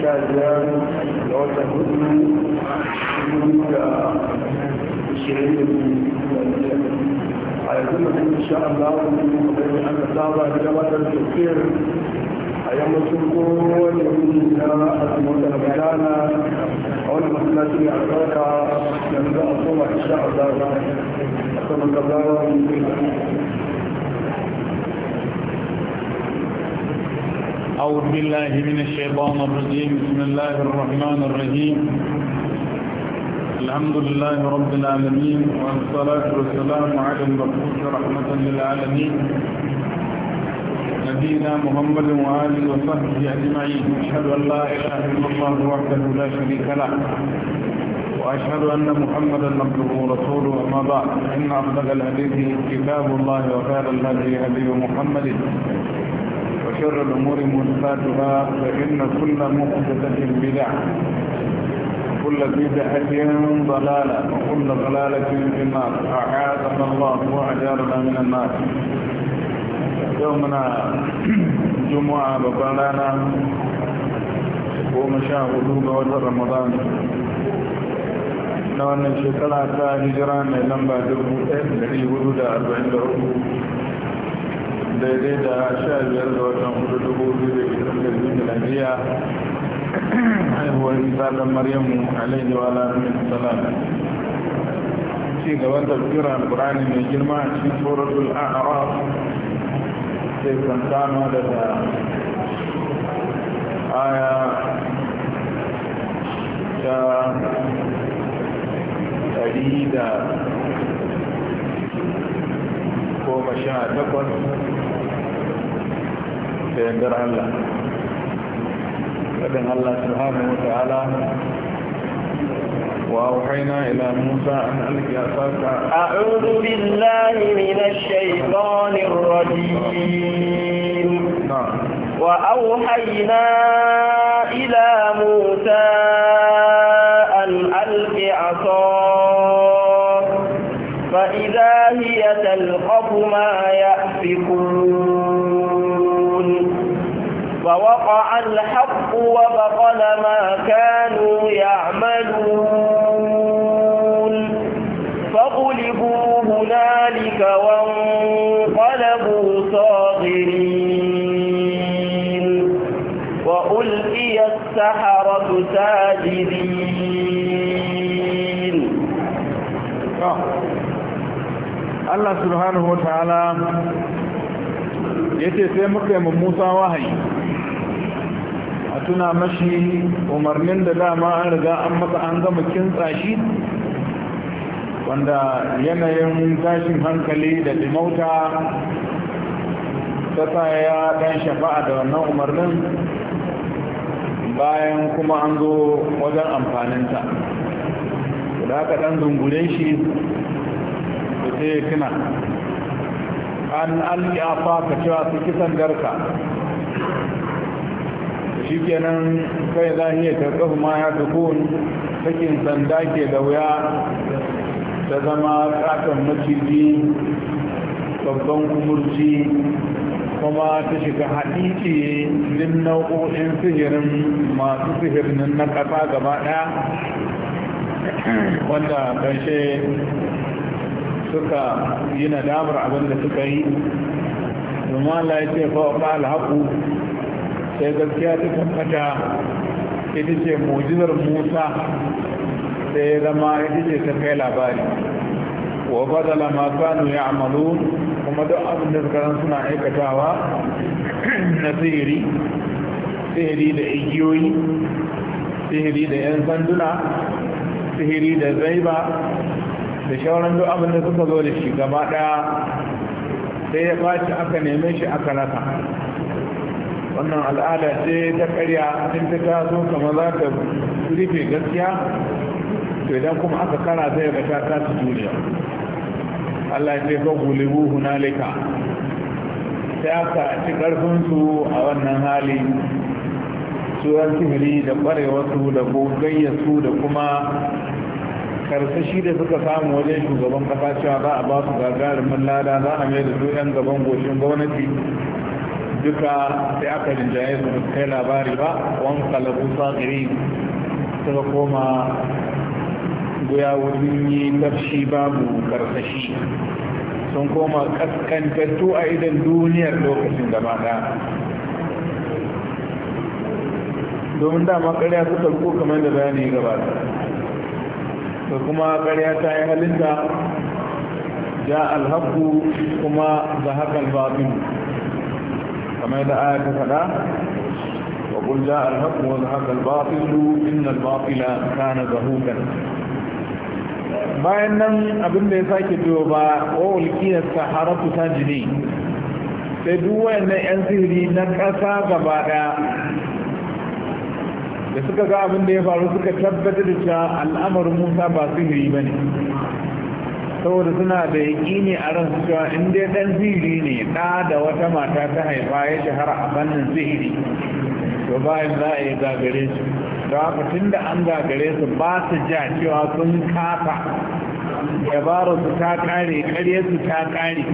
sha biyar da watan hudu hudu da ishirin da biyu a yanzu mutum insha Allah wani mutum an saba da gabatar da tafiyar a yammacin kowane wuri na asibitin gudana a wani masallaci mai albarka yanzu a koma insha Allah a saman gabawa أعوذ بالله من الشيطان الرجيم بسم الله الرحمن الرحيم الحمد لله رب العالمين والصلاة والسلام على المبعوث رحمة للعالمين نبينا محمد وآله وصحبه أجمعين أشهد أن لا إله إلا الله وحده لا شريك له وأشهد أن محمدا عبده ورسوله أما بعد إن أصدق الحديث كتاب الله وخير الهدي هدي محمد وشر الأمور منفاتها فإن كل محدثة بدعة وكل بدعة ضلالة وكل ضلالة في النار أعاذنا الله وأجارنا من النار يومنا جمعة بقالنا ومشاء غدوب وتر رمضان na لنبا دربو ta hijira mai أربعين دربو daidai da sha biyar ga watan hudu dubu biyu da ishirin da biyu miladiya haihuwar isa dan maryamu alaihi wa alamin salam ci gaban tafsirin alqur'ani mai girma a cikin suratul a'raf sai kan kano daga aya ta ɗari da goma sha takwas da yardar Allah الله سبحانه وتعالى وأوحينا إلى موسى أن ألك عصاك أعوذ بالله من الشيطان الرجيم نعم وأوحينا إلى موسى أن ألق عصاك فإذا هي تلقف ما يأفكون فوقع الحق وبطل ما كانوا يعملون فغلبوا هنالك وانقلبوا صاغرين وألقي السحرة ساجدين الله سبحانه وتعالى ya ce sai muka yi Musa wahayi Suna mashi umarnin da dama an riga an masa an gama kintsa shi wanda yanayin tashin hankali da limauta ta sa ya dan shafa'a da wannan umarnin bayan kuma an zo wajen amfaninta da aka dan zungure shi da yi kina an al'afa ka cewa su kisan garka shi kenan kai za ta tarkafu ma ya tukun sakin sanda ke da wuya ta zama katon maciji babban umurci, kuma ta shiga haɗiki din nau'o'in sihirin masu sihirin na ƙasa gaba ɗaya wanda ƙarshe suka yi nadamar abin da suka yi domin Allah ya ce fa ƙala haƙu sai gaskiya ta tabbata ita ce mujizar musa sai ya zama ita ce ta kai labari wa fadala ma kanu ya amalu kuma duk abin da suka suna aikatawa na sihiri sihiri da igiyoyi sihiri da yan sanduna sihiri da zaiba da shauran duk abin da suka zo da shi gaba ɗaya sai ya shi aka neme shi aka rasa wannan al'ada ce ta karya in ta taso kamar za ta rufe gaskiya to idan kuma aka kara zai ga ta tashi duniya Allah ya ce fa gulibu hunalika sai aka ci karfinsu a wannan hali tsoron sihiri da kwarewarsu da gogayyarsu da kuma karsashi da suka samu wajen shugaban kasa cewa za a ba su gagarumin lada za a mai da su 'yan gaban goshin gwamnati duka sai aka rinjaye su da kai labari ba wani kalabu sagiri suka koma guya wurin yi tafshi babu karsashi sun koma kaskantattu a idan duniyar lokacin gaba mata domin dama karya su riko kamar da bayani gabata ta kuma karya ta yi halinta ja alhaku kuma za hakan babin كما إذا آية فلا وقل جاء الحق وذهب الباطل إن الباطل كان ذهوكا bayan nan abin da ya sake biyo ba wa walƙiyar haratu ta jini sai duk wayannan 'yan sihiri na ƙasa gaba ɗaya da suka ga abin da ya faru suka tabbatar da cewa al'amarin musa ba sihiri ba ne saboda suna da ne a ran cewa in dai ɗan zihiri ne ɗa da wata mata ta haifa ya shahara a fannin zihiri to bayan za a yi gagare su da haka tun da an gagare su ba su ja cewa sun kasa dabarar su ta ƙare ƙaryar su ta ƙare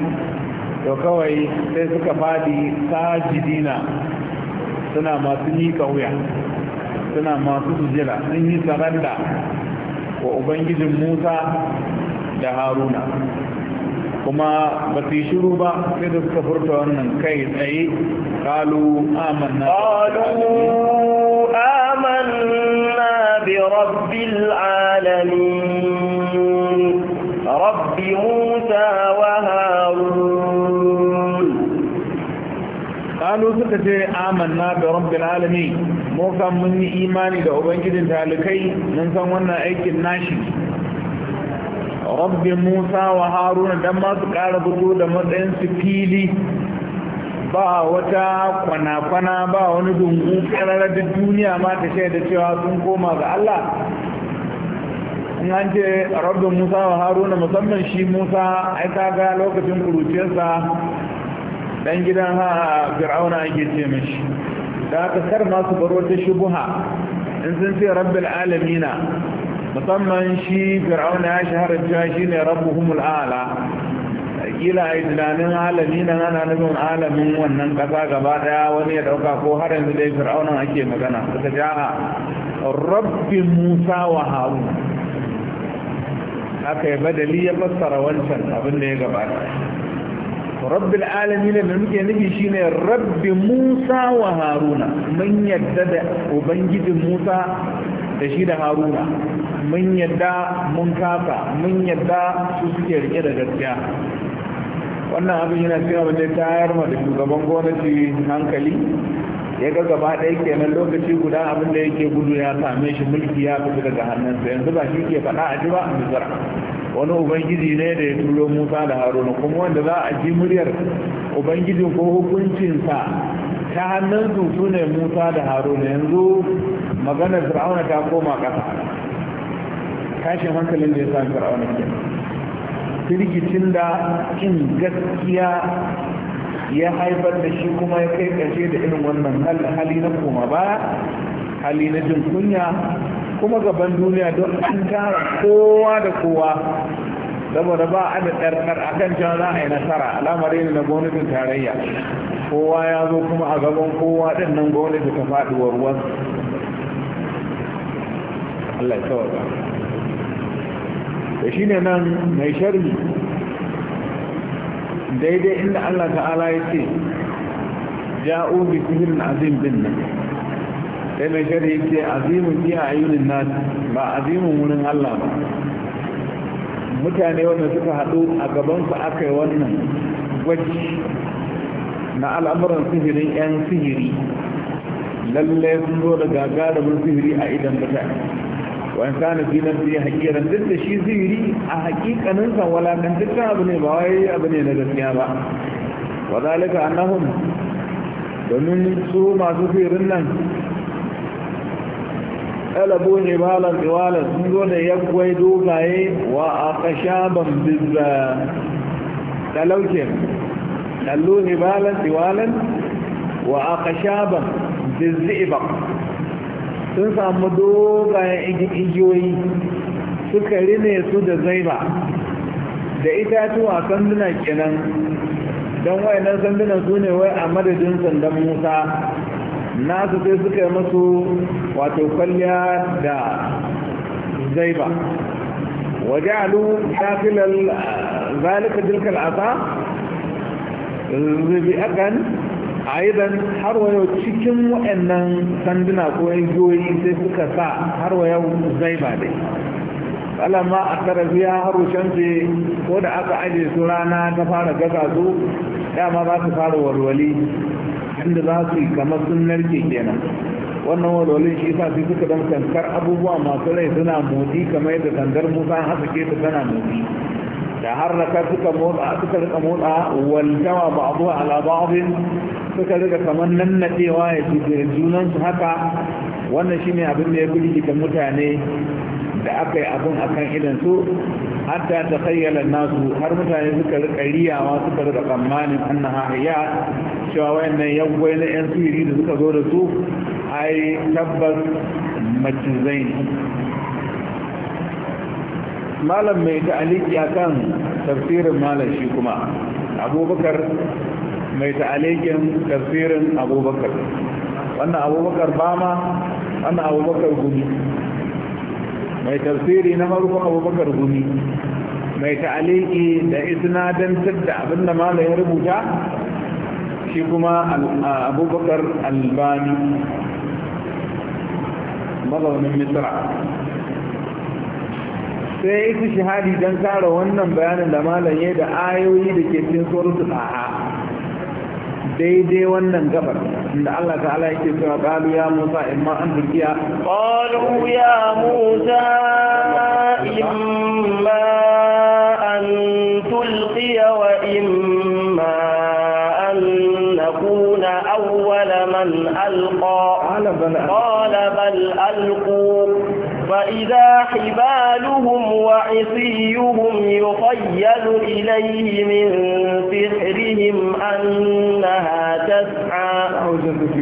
to kawai sai suka faɗi sajidina suna masu miƙa wuya suna masu sujira sun yi saranda wa ubangijin musa da haruna kuma ba su yi shiru ba sai da suka furta wannan kai tsaye kalu amanna kalu amanna bi rabbil alamin rabbi musa wa harun kalu suka ce amanna bi rabbil alamin mu kan mun yi imani da ubangijin talikai mun san wannan aikin nashi rabbi musa wa haruna don masu kara fito da matsayin su fili ba wata kwana-kwana ba wani dungu karara da duniya ma ta shaida cewa sun koma ga allah in an ce rabbi musa wa haruna musamman shi musa ai kaga lokacin kuruciyarsa dan gidan ha fir'auna ake ce mashi da aka kar masu baro ta shubuha in sun ce rabbil alamina musamman shi fir'auna ya shahara cewa shi ne rabbuhumul ala kila a tunanin alami nan ana nufin alamin wannan kasa gaba daya wani ya ɗauka ko har yanzu dai fir'aunan ake magana suka ja a rabbin musa wa haruna aka yi badali ya fassara wancan abin da ya gabata rabbil ne da muke nufi shine rabbin musa wa haruna mun yadda da ubangijin musa da shi da haruna mun yadda mun kasa mun yadda su suke rike da gaskiya wannan abin yana cewa wanda da tayar ma da shugaban gwamnati hankali ya ga gaba ɗaya kenan lokaci guda abin da yake gudu ya same shi mulki ya fita daga hannunsa yanzu ba shi ke faɗa a ji ba a misra wani ubangiji ne da ya turo musa da haruna kuma wanda za a ji muryar ubangiji ko hukuncinsa ta hannunsu su ne musa da haruna yanzu maganar fir'auna ta koma ƙasa tashin hankalin da ya sa fir'auna ke firgicin da kin gaskiya ya haifar da shi kuma ya kai kashe da irin wannan hali na koma baya hali na jin kunya kuma gaban duniya don an tara kowa da kowa saboda ba a da ɗarɗar a kan can za a yi nasara alamar yin na gwamnatin tarayya kowa ya zo kuma a gaban kowa ɗin nan gwamnati ta faɗuwar wasu. Allah ya da shi ne nan mai sharmi. daidai inda Allah ta'ala ya ce ja'u bi sihirin azim din nan sai mai sharhi ce azimin a ayyunin nasi ba azimin wurin Allah ba mutane wanda suka haɗu a gabansa aka yi wannan gwaji na al'amuran sihirin 'yan sihiri Lallai sun zo da gagarumin sihiri a idan mutane wani kana zinar zai hakiran duk da shi zihiri a hakikaninsa walakantaccen abu ne ba wai abu ne na gaskiya ba wa zalika annahum domin su masu firin nan ɗalabo ne balan tsiwalan sun zo da yaggwai dogaye wa a ƙashaban bizza talaukin ɗallo ne balan tsiwalan wa a ƙashaban bizzi ibaq sun samu dogayen igiyoyi suka rine su da zaiba da ita itatuwa sanduna kenan don wayannan sanduna su ne wai a madadin sandan musa nasu sai suka yi masu wato kwalliya da zaiba waje alu shafilar zalika jirkar asa zubi akan aidan har wayo cikin waɗannan sanduna ko yankiyoyi sai suka sa har wayo zai ba dai alamma a kara biya haru ko da aka aje su rana ta fara gaza su dama za su fara walwali inda za su yi kamar sun narke kenan wannan walwalin shi sa sai suka dan kankar abubuwa masu rai suna motsi kamar yadda kankar musa haske ke ta tana motsi taharraka suka motsa suka rika motsa waljawa ba'dha ala ba'd suka rika kaman nannadewa ya jira junan su haka wannan ne abin da ya ga mutane da aka yi abin akan idan su hatta ta khayyala nasu har mutane suka rika riyawa suka rika tsammanin annaha hayya cewa wayannan na yan sirri da suka zo da su ai tabbas macizai malam mai ta'aliki akan tafsirin malam shi kuma abubakar mai ta'alikin tafsirin abubakar wannan abubakar bama wannan abubakar gumi mai tafsiri na farko abubakar gumi mai ta'aliki da isnadantar da abinda malam ya rubuta shi kuma abubakar albani mazaunin misra sai ya yi shahadi don kara wannan bayanin da malam ya da ayoyi da ke cikin suratul daidai wannan gabar inda Allah ta'ala yake cewa qalu ya Musa imma an turkiya qalu ya Musa imma an tulqiya wa imma an nakuna awwala man alqa qala bal alqu وإذا حبالهم وعصيهم يخيل إليه من سحرهم أنها تسعى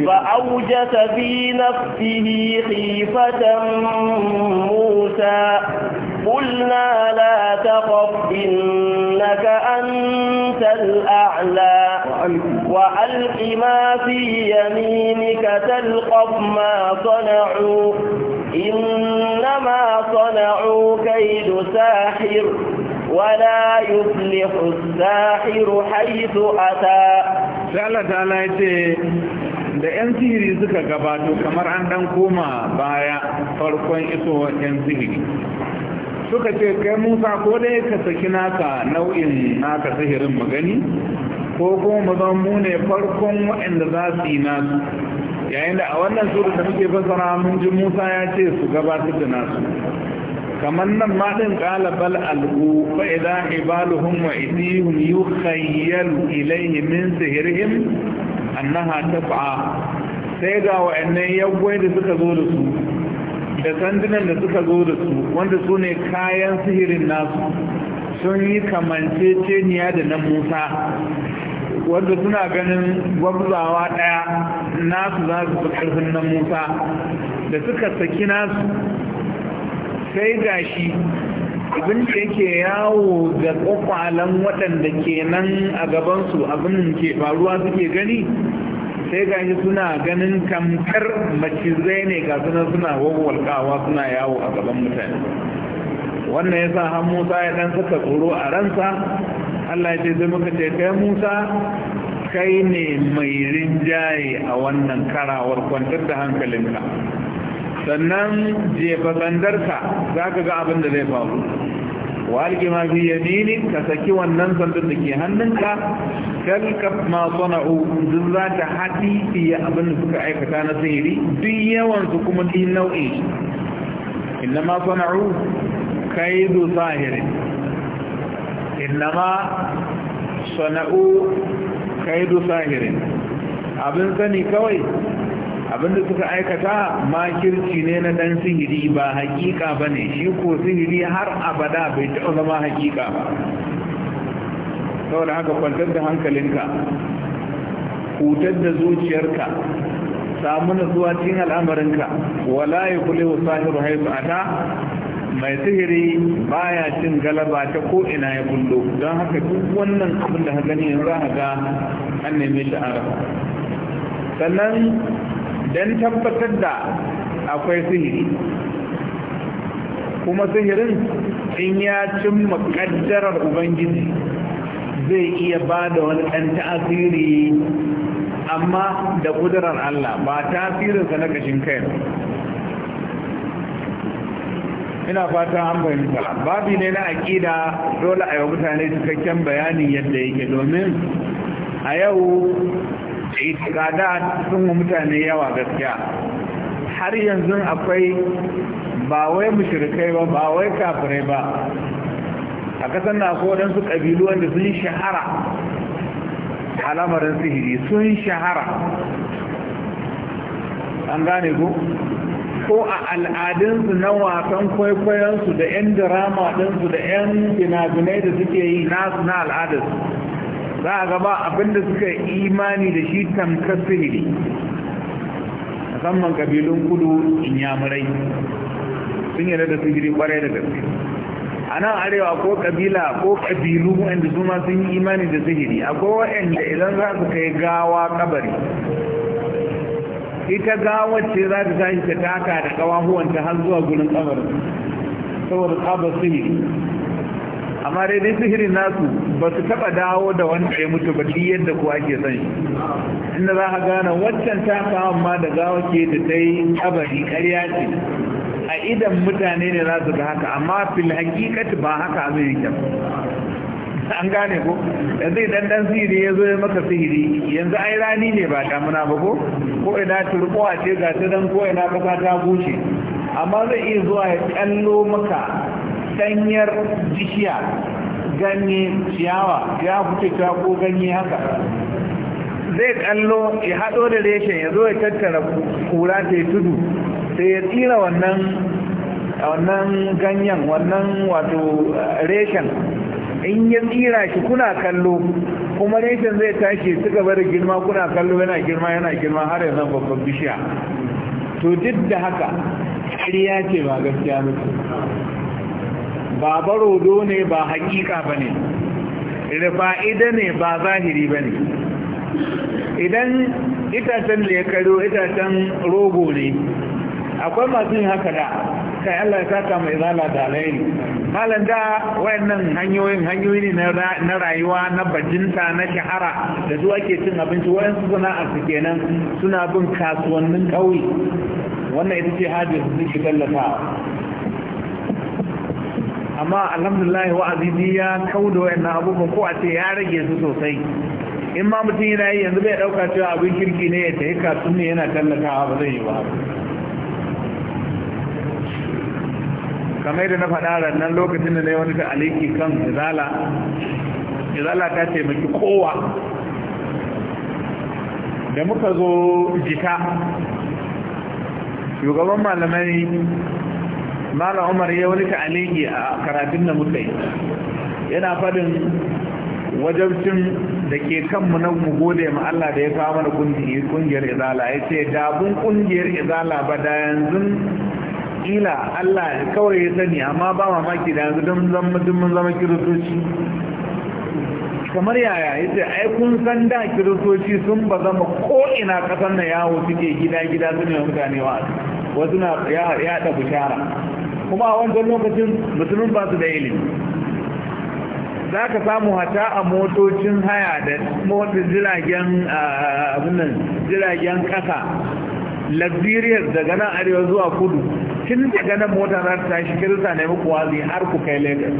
فأوجس في نفسه خيفة موسى قلنا لا تخف إنك أنت الأعلى وألق ما في يمينك تلقف ما صنعوا إنما صنعوا كيد ساحر ولا يفلح الساحر حيث أتى فعلا تعالى da 'yan sihiri suka gabato kamar an dan koma baya farkon iso 'yan sihiri suka ce kai musa ko dai ka saki naka nau'in naka sihirin magani ko kuma mu zan mu ne farkon waɗanda za su yi nasu yayin da a wannan sura da muke fassara mun ji Musa ya ce su gabatar da nasu kamar nan ma din qala bal alqu fa idha ibaluhum wa idihum yukhayyalu ilayhi min sihrihim annaha taf'a sai ga wa'annan yawwai da suka zo da su da sandunan da suka zo da su wanda su ne kayan sihirin nasu sun yi kamanceceniya da na musa wanda suna ganin gwabzawa ɗaya nasu za su fi ƙarfin nan musa da suka saki nasu sai ga shi, abin da yake yawo da kwakwalen waɗanda ke nan a gabansu abin ke faruwa suke gani sai gashi suna ganin kamkar macizai ne ga suna suna wawwalkawa suna yawo a gaban mutane wannan ya sa har musa ya ɗan saka tsoro a ransa Allah ya ce zai muka ce kai Musa kai ne mai rinjaye a wannan karawar kwantar da hankalinka sannan jefa sandarka za ka ga abin da zai faru walƙi ma fi yamini ka saki wannan sandar da ke hannunka kalkaf ma sana'u duk za ta haɗi fiye abin da suka aikata na sihiri duk yawansu kuma ɗin nau'in shi inna ma sana'u kaidu sahirin innama sana'u kaidu sahirin abin sani kawai abinda suka aikata makirci ne na dan sihiri ba hakika ba ne shi ko sihiri har abada bai taɓa zama hakika ba saboda haka kwantar da hankalinka hutar da zuciyarka samu nutsuwa cin al'amarinka wala ya kule wa sahiru haifu mai sihiri baya cin galaba ta ko ina ya bullo don haka duk wannan abin da gani yanzu za ga an neme shi an sannan don tabbatar da akwai sihiri kuma sihirin in ya cimma makaddarar ubangiji zai iya ba da wani ɗan ta'asiri amma da ƙudurar Allah ba tasirinsa na ƙashin kai ina fata an fahimta babi ne na aƙida dole a yi mutane cikakken bayanin yadda yake domin a yau itikada sun mutane yawa gaskiya har yanzu akwai ba wai mushrikai ba ba wai kafirai ba a kasan na ko su kabilu wanda sun shahara alamarin sihiri sun shahara an gane ku ko a al'adunsu na wasan kwaikwayonsu da 'yan dirama ɗinsu da 'yan finafinai da suke yi nasu na al'adarsu za a gaba abinda suka imani da shi tamkar sihiri musamman kabilun kudu inyamurai sun yarda da sihiri kwarai da gaske a nan arewa ko kabila ko kabilu wanda su ma sun yi imani da sihiri akwai waɗanda idan za su kai gawa kabari ita gawar ce za ta tashi ta taka da kawahuwanta har zuwa gurin kamar saboda tsabar sihiri amma dai dai sihiri nasu ba su taba dawo da wanda ya mutu ba duk yadda kuwa ake son shi inda za ka gane waccan ta kawo ma da gawa ke da ta yi kabari karya ce a idan mutane ne za su ga haka amma fil hakikati ba haka abin yake an gane ko yanzu idan dan sihiri ya zo ya maka sihiri yanzu ai rani ne ba damuna ba ko ko ina a ce ga ta dan ko ina kasa ta bushe amma zai iya zuwa ya kallo maka danyar bishiya ganye ciyawa ya fice ta ko ganye haka zai kallo ya haɗo da reshen ya zo ya tattara kura ta tudu sai ya tsira wannan wannan ganyen wannan wato eh, reshen in ya tsira shi kuna kallo kuma reshen zai tashi su gaba da girma kuna kallo yana girma yana girma har yanzu babban bishiya to duk da haka ƙarya ce ba gaskiya mutu ba barodo ne ba hakika ba ne rufa'ida ne ba zahiri ba ne idan itacen da ya karo itacen rogo ne akwai masu yin haka da kai Allah ya saka mai zala da alheri malam da wayannan hanyoyin hanyoyi ne na rayuwa na bajinta na shahara da zuwa ke cin abinci wayansu a su kenan suna bin kasuwannin kauye wannan ita ce hajjar su suke tallata amma alhamdulillah wa'azi ya kaudo wayannan abubuwan ko a ce ya rage su sosai in ma mutum yana yi yanzu bai dauka cewa abin kirki ne ya tafi kasu ne yana tallatawa ba zai yi ba kamar da na faɗa nan lokacin da na yi wani ta'aliki kan izala izala ta taimaki kowa da muka zo jita shugaban malamai malam umar ya wani ta'aliki a karatun da muka yi yana faɗin wajabcin da ke kanmu na mu gode ma Allah da ya kawo mana kungiyar izala ya ce dabun kungiyar izala ba da yanzu kila Allah kawai ya sani amma ba mamaki da yanzu don mun zama kiristoci kamar yaya ya ce ai kun san da kiristoci sun ba zama ko'ina kasan na yawo suke gida-gida suna yi mutane wa wasu na yada bishara kuma a wancan lokacin musulun ba su da ilimi za ka samu hata a motocin haya da motocin jiragen abinnan jiragen kasa Lagziriyar daga nan arewa zuwa kudu tun daga nan mota za ta tashi kirista na muku wazi har ku kai lagos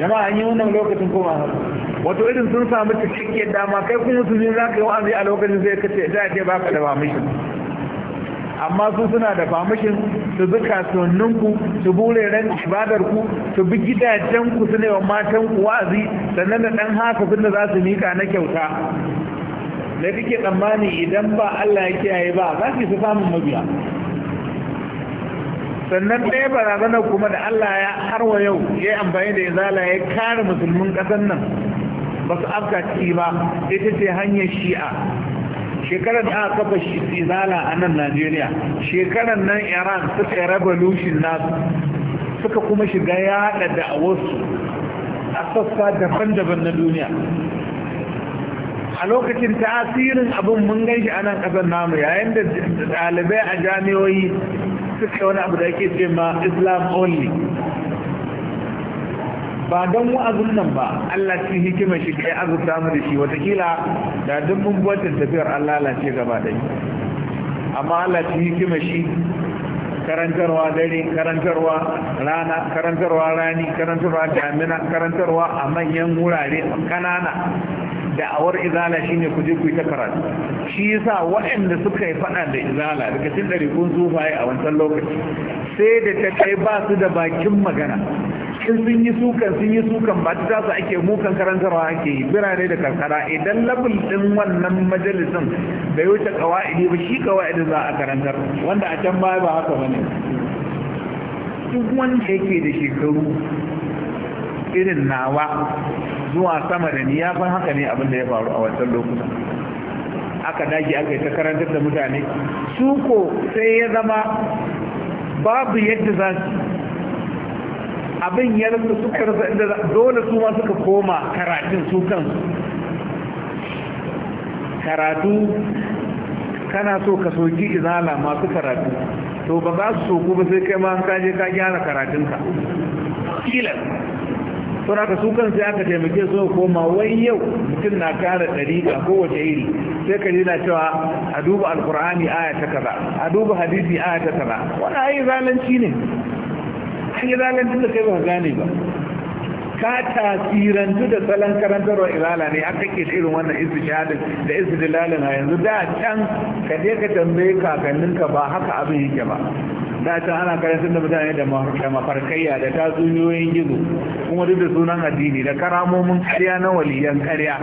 jama'a an yi wannan lokacin kuma haka wato irin sun samu cikakkiyar dama kai kuma su za ka yi wa'azi a lokacin zai kace da ce baka da famishin amma su suna da famishin su bi kasuwanninku su bure ran ibadar ku su bi gidajen ku su ne wa matan wa'azi sannan da dan haka da za su mika na kyauta da kake tsammani idan ba Allah ya kiyaye ba za su samun mabiya sannan ɗaya barazanar kuma da Allah ya har wa yau ya amfani da izala ya kare musulmin ƙasar nan ba su afka ciki ba ita ce hanyar shi'a shekarar da aka kafa izala a nan najeriya shekarar nan iran suka yi revolution nasu suka kuma shiga yaɗa da a wasu a sassa daban-daban na duniya a lokacin tasirin abin mun gan shi a nan ƙasar namu yayin da ɗalibai a jami'oyi suka wani abu da ake ce ma islam only ba don wa'azin nan ba Allah shi hikimar shi kai azurta mu da shi watakila da duk mun buwatin tafiyar Allah lalace gaba yi amma Allah shi hikimar shi karantarwa dare karantarwa rana karantarwa rani karantarwa damina karantarwa a manyan wurare kanana da'awar izala shine ku je ku yi ta karatu shi yasa waɗanda suka yi faɗa da izala daga cikin kun zufaye a wancan lokaci sai da ta kai ba su da bakin magana in sun yi sukan sun yi sukan ba ta su ake kan karantarwa ake yi birane da karkara idan labul din wannan majalisin bai wuce kawa'idi ba shi kawa'idin za a karantar wanda a can baya ba haka bane duk wanda yake da shekaru irin nawa zuwa sama da ni ya fa haka ne abin da ya faru a wancan lokuta aka dage aka yi ta karantar da mutane su ko sai ya zama babu yadda za su abin ya rasa suka rasa inda dole su ma suka koma karatun su kansu karatu kana so ka soki izala masu karatu to ba za su soku ba sai kai ma ka je ka gyara karatunka kilan saboda ka su kan sai aka taimake su koma wai yau mutum na kara dariƙa kowace iri sai ka yi na cewa a duba alkur'ani aya ta kaza a duba hadisi aya ta kaza Wani ayi zalunci ne ayi zalunci da kai ba gane ba ka tasirantu da salon karantarwa irala ne aka ke irin wannan istishadin da istidlalin a yanzu da can ka je ka tambaye kakanninka ba haka abin yake ba da can ana karantar da mutane da mafarkaiya da tatsuniyoyin gizo kuma duk da sunan addini da karamomin karya na waliyan karya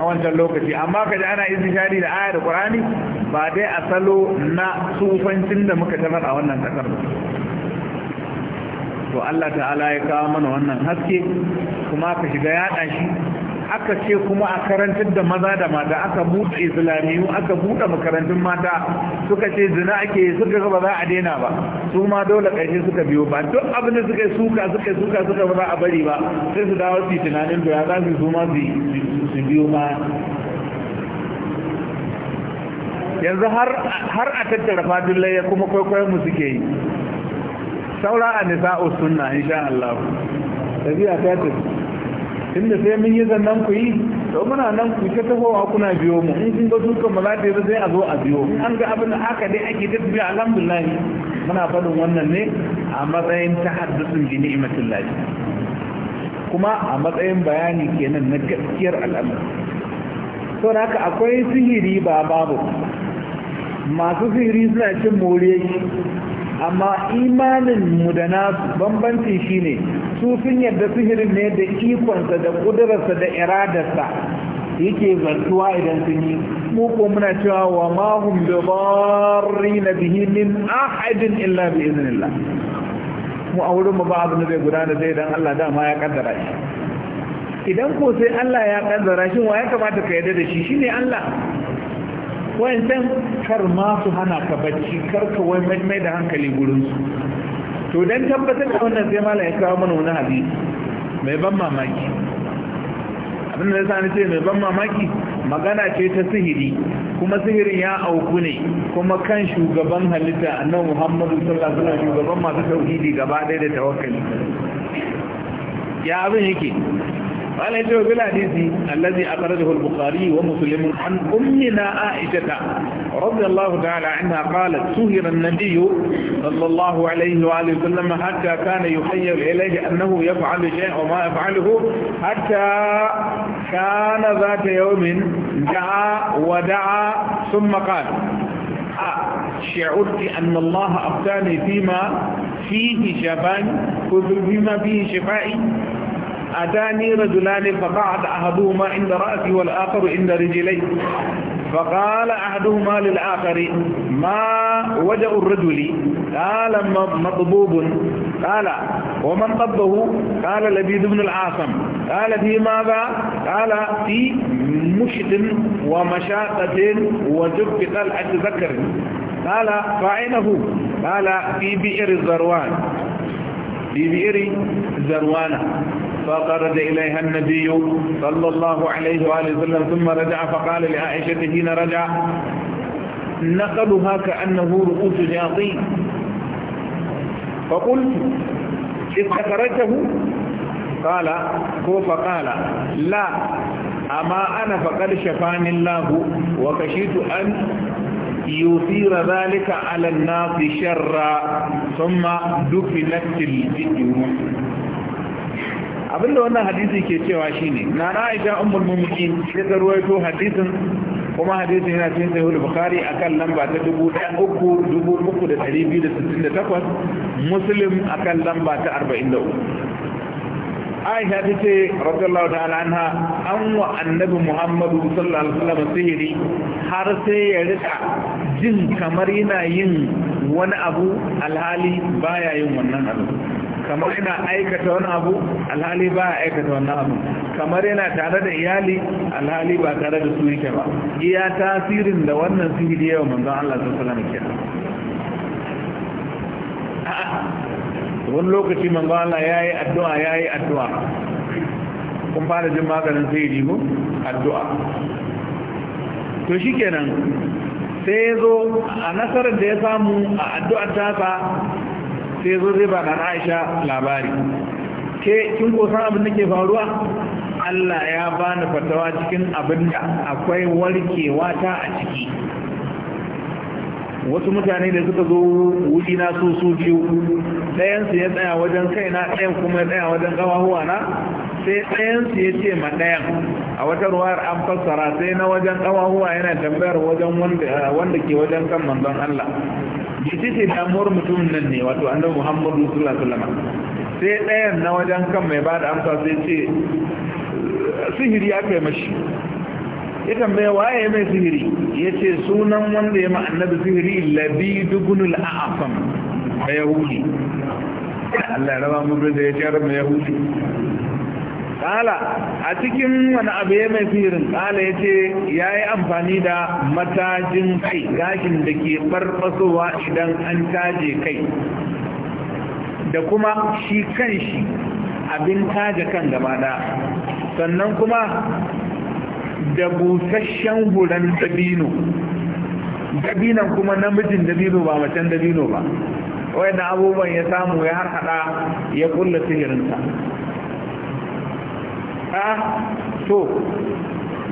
a wancan lokaci amma kaji ana istishadi da ayar qur'ani ba dai a salo na tsufancin da muka tarar a wannan kasar ba to Allah ta'ala ya kawo mana wannan haske kuma aka shiga yada shi aka ce kuma a karantar da maza da mata aka buɗe islamiyu aka buɗe makarantun mata suka ce zina ake suka ba za a daina ba su ma dole ƙarshe suka biyo ba duk abin da suka suka suka suka suka ba za a bari ba sai su dawo su tunanin da ya za su ma su biyo ma. yanzu har a tattara fadin laye kuma kwaikwayon mu suke yi saura a nisa'u sunna insha Allah tafiya ta ce, inda sai mun yi zannan ku yi to muna nan ku ta wa kuna biyo mu in kun ga dukkan ba za ta yi sai a zo a biyo an ga abin haka dai ake tafiya alhamdulillah muna faɗin wannan ne a matsayin tahaddusun bi ni'matillah kuma a matsayin bayani kenan na gaskiyar al'amari to haka akwai sihiri ba babu masu sihiri suna cin moriyayi amma imanin mu da nasu bambanci shine su sun yadda sihirin ne da ikonsa da kudurarsa da iradarsa yake zartuwa idan sun yi mu ko muna cewa wa ma hum bi darrin bihi min ahadin illa bi mu a wurinmu ba abin da zai gudana zai dan Allah dama ya kaddara shi idan ko sai Allah ya kaddara shi wa ya kamata ka yadda da shi shine Allah san kar ma su hana ka bacci kar ka wai mai da hankali gurin su to dan tabbatar da wannan sai malai ya kawo mana hadisi mai ban mamaki abin da ya sani ce mai ban mamaki magana ce ta sihiri kuma sihirin ya auku ne kuma kan shugaban halitta annabi Muhammadu sallallahu alaihi wasallam shugaban masu tauhidi gaba ɗaya da tawakkali ya abin yake قال يجب بالحديث الذي أخرجه البخاري ومسلم عن أمنا عائشة رضي الله تعالى عنها قالت سهر النبي صلى الله عليه وآله وسلم حتى كان يخيل إليه أنه يفعل شيء وما يفعله حتى كان ذات يوم دعا ودعا ثم قال آه، شعرت أن الله أفتاني فيما فيه شفاني كنت فيما فيه شفائي أتاني رجلان فقعد أحدهما عند رأسي والآخر عند رجلي فقال أحدهما للآخر ما وجع الرجل قال مطبوب قال ومن طبه قال لبيد بن العاصم قال في ماذا قال في مشت ومشاقة وجب قلعة ذكر قال فعينه قال في بئر الزروان في بئر زروانة فخرج إليها النبي صلى الله عليه وآله وسلم ثم رجع فقال لعائشة حين رجع نقلها كأنه رؤوس جاطين فقلت استخرجته قال هو فقال لا أما أنا فقد شفاني الله وكشيت أن يثير ذلك على الناس شرا ثم دفنت الجن abinda wannan hadisi ke cewa shine na Aisha ummul mu'minin sai ta ruwaito hadisin kuma hadisin yana cikin sahih al-bukhari akan lamba ta 3368 muslim akan lamba ta 43 aisha ta ce radiyallahu ta'ala anha an wa annabi muhammadu sallallahu alaihi wasallam sihiri har sai ya rika jin kamar yana yin wani abu alhali baya yin wannan abu kamar yana aikata wani abu alhali ba a aikata wani abu kamar yana tare da iyali alhali ba tare da su yake ba iya tasirin da wannan sihiri yawa manzan Allah sallallahu ke wasallam wani lokaci manzan Allah ya yi addu'a ya yi addu'a kun fara jin maganin sai yi addu'a to shi kenan sai ya zo a nasarar da ya samu a addu'ar tasa sai zo zai ba aisha labari ke kin kosan abin da ke faruwa Allah ya bani fatawa cikin abin da akwai warkewa ta a ciki wasu mutane da suka zo wuri na su su biyu su ya tsaya wajen kai na ɗayan kuma ya tsaya wajen ƙawahuwa na sai su ya ce ma ɗayan a wata ruwayar an fassara sai na wajen ƙawahuwa yana tambayar wajen wanda ke wajen kan manzon Allah ita ce damuwar mutumin nan ne wato annabi muhammad sallallahu alaihi sai ɗayan na wajen kan mai ba amsa sai ce sihiri aka yi mashi ya tambaya waye mai sihiri ya ce sunan wanda ya annabi sihiri labidu gunul a'afam a yahudi Allah ya raba mu da ya ce ya yahudi kala a cikin wani abu ya mai firin kala ya ce ya yi amfani da matajin kai gashin da ke farfasowa idan an taje kai da kuma shi kan shi abin taje kan gaba da sannan kuma da busasshen hulan dabino dabinan kuma namijin dabino ba macen dabino ba da abubuwan ya samu ya harhaɗa ya kulla sihirinsa a to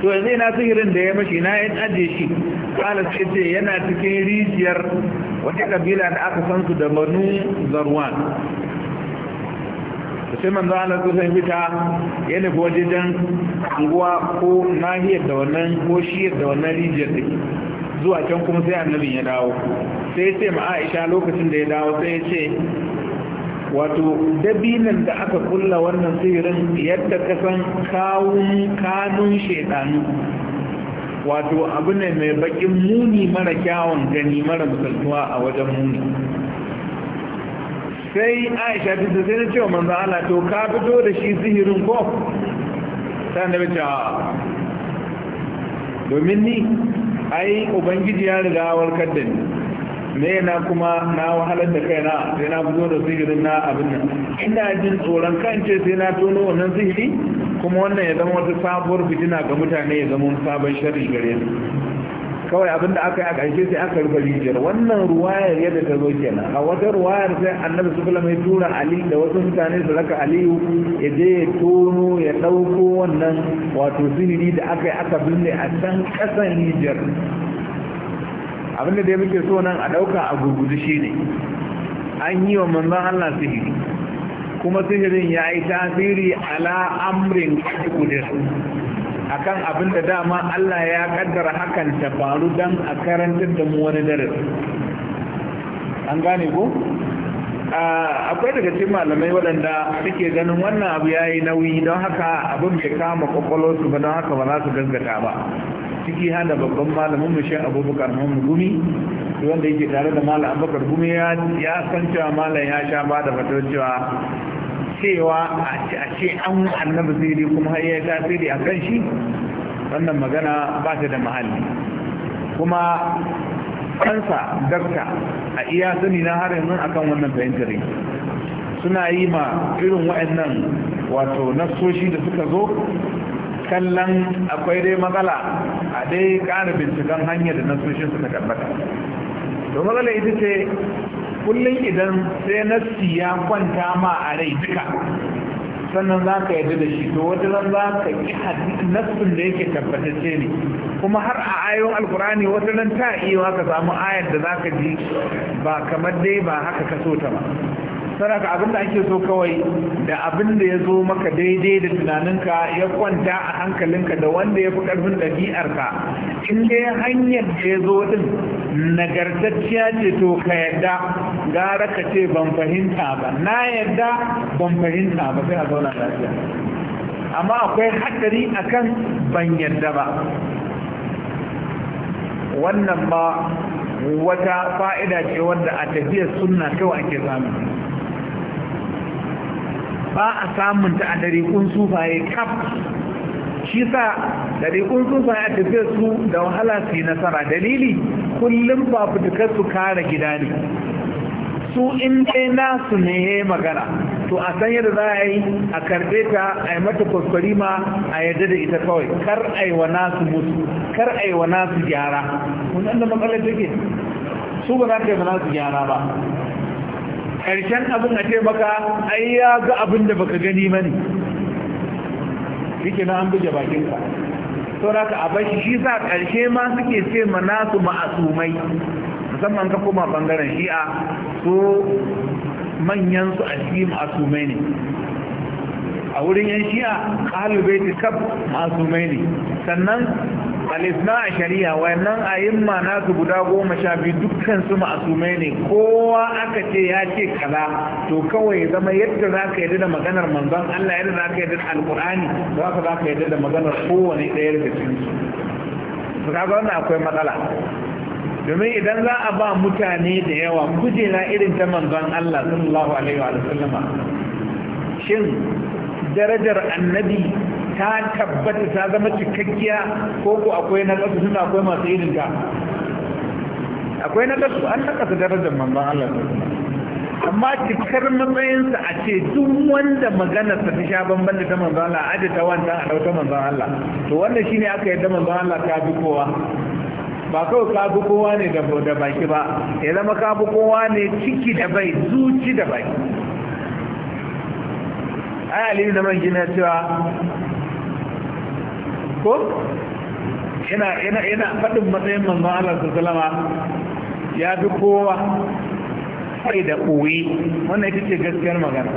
to yanzu yana sihirin da ya mashi na yin ajiye shi kala sai ce yana cikin rijiyar wata ƙabila da aka san su da banu zarwan sai manzo ana su san fita ya nufi wajejen anguwa ko nahiyar da wannan ko shiyar da wannan rijiyar da zuwa can kuma sai annabin ya dawo sai ya ce ma Aisha lokacin da ya dawo sai ya ce wato dabinan da aka kulla wannan sihirin yadda ka san kawun kanun shaidanu wato abu ne mai bakin muni mara kyawun gani mara musaltuwa a wajen muni sai aisha ta sai na cewa manzo Allah to ka fito da shi sihirin ko sai da bace domin ni ai ubangiji ya riga warkar da ni ne na kuma na wahalar da kaina sai na buzo da sihirin na abin nan ina jin tsoron kan ce sai na tono wannan sihiri kuma wannan ya zama wata sabuwar fitina ga mutane ya zama sabon sharri gare ni kawai abin da aka yi a ƙarshe sai aka rufe rijiyar wannan ruwayar yadda ta zo kenan a wata ruwayar sai annabi su kula mai tura ali da wasu mutane su raka aliyu ya je ya tono ya ɗauko wannan wato siniri da aka yi aka binne a can ƙasan rijiyar abinda da muke so nan a ɗauka a gurguzu shi ne an yi wa manzan Allah sihiri kuma sihirin ya yi tasiri ala amrin kudir akan abin da dama Allah ya kaddara hakan ta faru don a karantar da mu wani darasi an gane ko akwai daga cikin malamai waɗanda suke ganin wannan abu ya yi nauyi don haka abin bai kama kwakwalwarsu ba don haka ba za su gaskata ba ciki hada babban malamin mu shi abubakar muhammad gumi wanda yake tare da malam abubakar gumi ya san cewa malam ya sha ba da fatar cewa cewa a ce an annabi zai kuma har ya tasiri a kan shi wannan magana ba ta da mahalli kuma kansa dakta a iya sani na har yanzu akan wannan fahimtar suna yi ma irin wa'annan wato nasoshi da suka zo kallon akwai dai matsala a dai ƙara binciken hanyar da nasoshin su ta karbata to matsala ita ce kullum idan sai nasi ya kwanta ma a rai duka sannan za ka yadda da shi to wata zan za ka ƙi nasin da yake tabbatacce ne kuma har a ayon alkurani wata nan ta iya ka samu ayar da za ka ji ba kamar dai ba haka ka so ta ba saraka abin da ake so kawai da abin da ya zo maka daidai da tunaninka ya kwanta a hankalinka da wanda ya fi ƙarfin ɗabi'arka in dai hanyar da ya zo din nagartacciya ce to ka yadda gara ka ce ban fahimta ba na yadda ban fahimta ba sai a zauna lafiya amma akwai haɗari akan ban yadda ba wannan ba wata fa'ida ce wanda a tafiyar sunna kawai ake samu ba a samun ta a dariƙun sufaye kaf shi sa dariƙun sufaye a tafiya su da wahala su nasara dalili kullum ba fitukar su kare gida ne su in ɗaya nasu ne ya magana to a san yadda za a yi a karɓe ta a yi mata kwaskwari ma a yarda da ita kawai kar a yi wa nasu musu kar a yi wa nasu gyara da matsalar take su ba ta yi wa nasu gyara ba ƙarshen abin a ce maka ai ya ga abin da baka gani mani yake na an buje bakinka sauraka a bashi shi sa ƙarshe ma suke ce ma nasu ma'asumai musamman ka koma bangaren shi'a su manyan su a shi ma'asumai ne a wurin yan shi'a ahlul baiti kaf masumai ne sannan al a shari'a wayannan na su guda goma sha biyu dukkan su masumai ne kowa aka ce ya ce kaza to kawai zama yadda za ka yadda da maganar manzon Allah yadda za ka yadda da alqur'ani za ka za ka yadda da maganar kowane ɗaya daga cikin su kaga wannan akwai matsala domin idan za a ba mutane da yawa kujera irin ta manzon Allah sallallahu alaihi wa sallama shin darajar annabi ta tabbata ta zama cikakkiya ko ko akwai na ƙasa suna akwai masu irin ta akwai na ƙasa an taka su darajar manzon Allah amma cikar matsayinsa a ce duk wanda maganarsa ta sha bambanta da ta manzan Allah a ta wanta a ɗauta manzon Allah to wannan shine aka yarda manzon Allah ta bi kowa ba kawai ka bi kowa ne da baki ba ya zama ka bi kowa ne ciki da bai zuci da bai ai aliyu man gina cewa ko yana ina ina faɗin matsayin manzon Allah sallama ya fi kowa sai da ɓoye wannan ita ce gaskiyar magana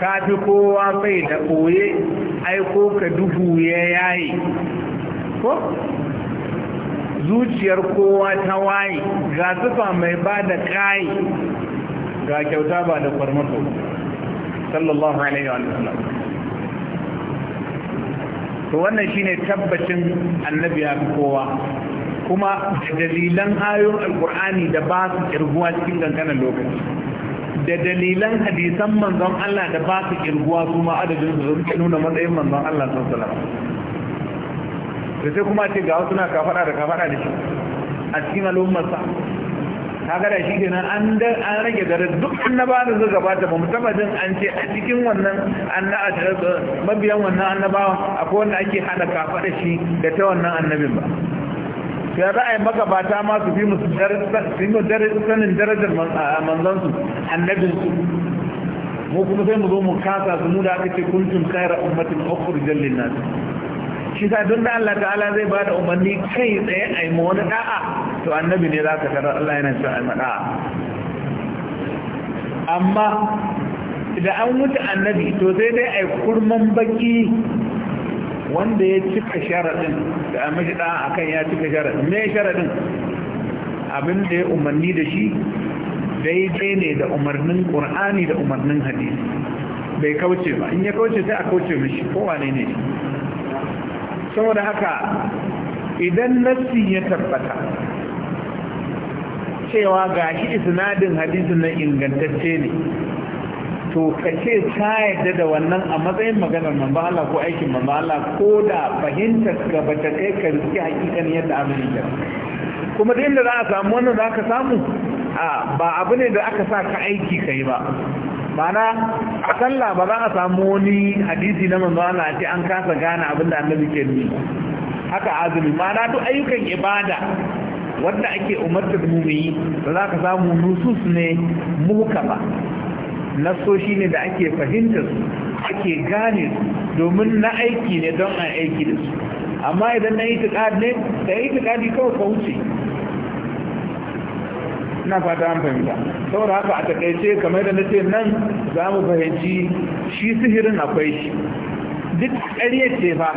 ka fi kowa sai da ɓoye aiko ka duhu ya yayi ko zuciyar kowa ta waye ga sufa mai ba da kayi ga kyauta ba da farmako sallallahu alaihi wa sallam to wannan shine tabbacin annabi ya kowa kuma da dalilan ayoyin alqur'ani da ba su kirguwa cikin kankanin lokaci da dalilan hadisan manzon Allah da ba su kirguwa kuma adadin su suke nuna matsayin manzon Allah sallallahu alaihi wasallam da sai kuma ce ga wasu na kafara da kafara da shi a cikin al'ummar sa kaga da shi kenan an an rage garin duk annaba da zai gabata ba mutabadin an ce a cikin wannan annaba mabiyan wannan annabawa akwai wanda ake hana kafa da shi da ta wannan annabin ba sai za a yi magabata ma su fi musu sanin darajar annabin su mu kuma sai mu zo mu kasa su mu da aka ce kuntum kaira ummatin ukhrijal lin nas shi sa don da Allah ta'ala zai ba da umarni kai tsaye a yi wani da'a to annabi ne za ka tara Allah yana cewa a da'a amma da an wuce annabi to sai dai a yi kurman baki wanda ya cika sharaɗin da an mashi da'a kan ya cika sharaɗin me sharaɗin abin da ya umarni da shi daidai ne da umarnin ƙur'ani da umarnin hadisi bai kauce ba in ya kauce sai a kauce mishi kowane ne shi saboda haka idan nassi ya tabbata cewa ga shi isnadin hadisin na ingantacce ne to ka ce ta yadda da wannan a matsayin maganar manzo ko aikin manzo ko da fahimtar ga bata ta kai ka riski hakikan yadda abin kuma da inda za a samu wannan za ka samu a ba abu ne da aka sa ka aiki kai ba mana a sallah ba za a samu wani hadisi na manzo a ce an kasa gane abinda annabi ke nuni haka azumi mana duk ayyukan ibada wanda ake umartar mumini ba za ka samu nusus ne muka ba? nasoshi ne da ake fahimta su ake gane su domin na aiki ne don an aiki da su amma idan na itikad ne da tukadi kawai ka wuce na fata an fahimta saboda haka a takaice kamar da nace nan za mu fahimci shi sihirin akwai shi duk ƙarya ce fa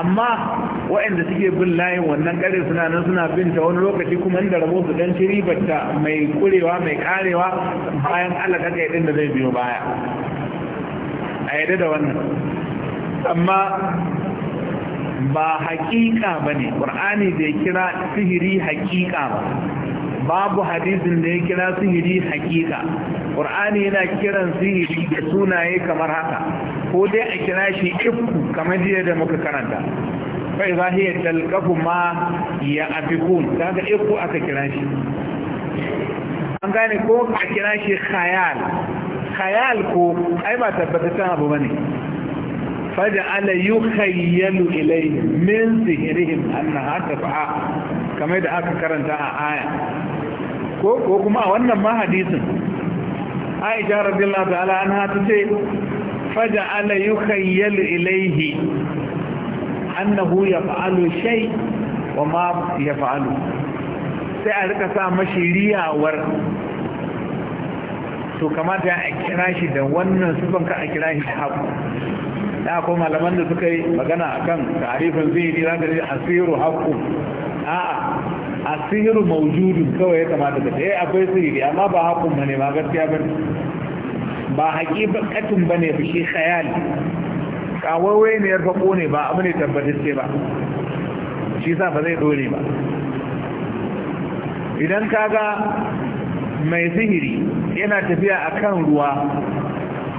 amma waɗanda suke bin layin wannan ƙarya suna nan suna bin ta wani lokaci kuma inda rabo su dan ci ribarta mai kurewa mai ƙarewa bayan Allah ka kai da zai biyo baya a yadda da wannan amma ba haƙiƙa bane ne ƙur'ani da kira sihiri haƙiƙa ba babu hadisin da ya kira sihiri hakika ƙur'ani yana kiran sihiri da sunaye kamar haka ko dai a kira shi ifku kamar jiya da muka karanta fai zahiyar talqafu ma ya afikun kaga ifku aka kira shi an gane ko a kira shi khayal khayal ko ai ba tabbataccen abu bane faja'ala yukhayyalu ilayhim min sihrihim annaha taf'a kamar da aka karanta a aya ko ko kuma a wannan ma hadisin Aisha radiyallahu ta'ala anha tace faja'ala yukhayyal ilayhi annahu yaf'alu shay wa ma yaf'alu sai a rika sa mashi riyawar to kamata a kira shi da wannan sufan ka a kira shi da haku da kuma malaman da suka yi magana akan tarifin zai ni zaka ji asiru haku a'a a maujudin kawai ya kamata ka ce eh, akwai sihiri amma ba hakun bane ba gaskiya bane ba haƙiƙatun bane ba shi khayal kawawai ne yarfa ne ba abu ne ce ba shi sa ba zai dole ba idan kaga mai sihiri yana tafiya akan ruwa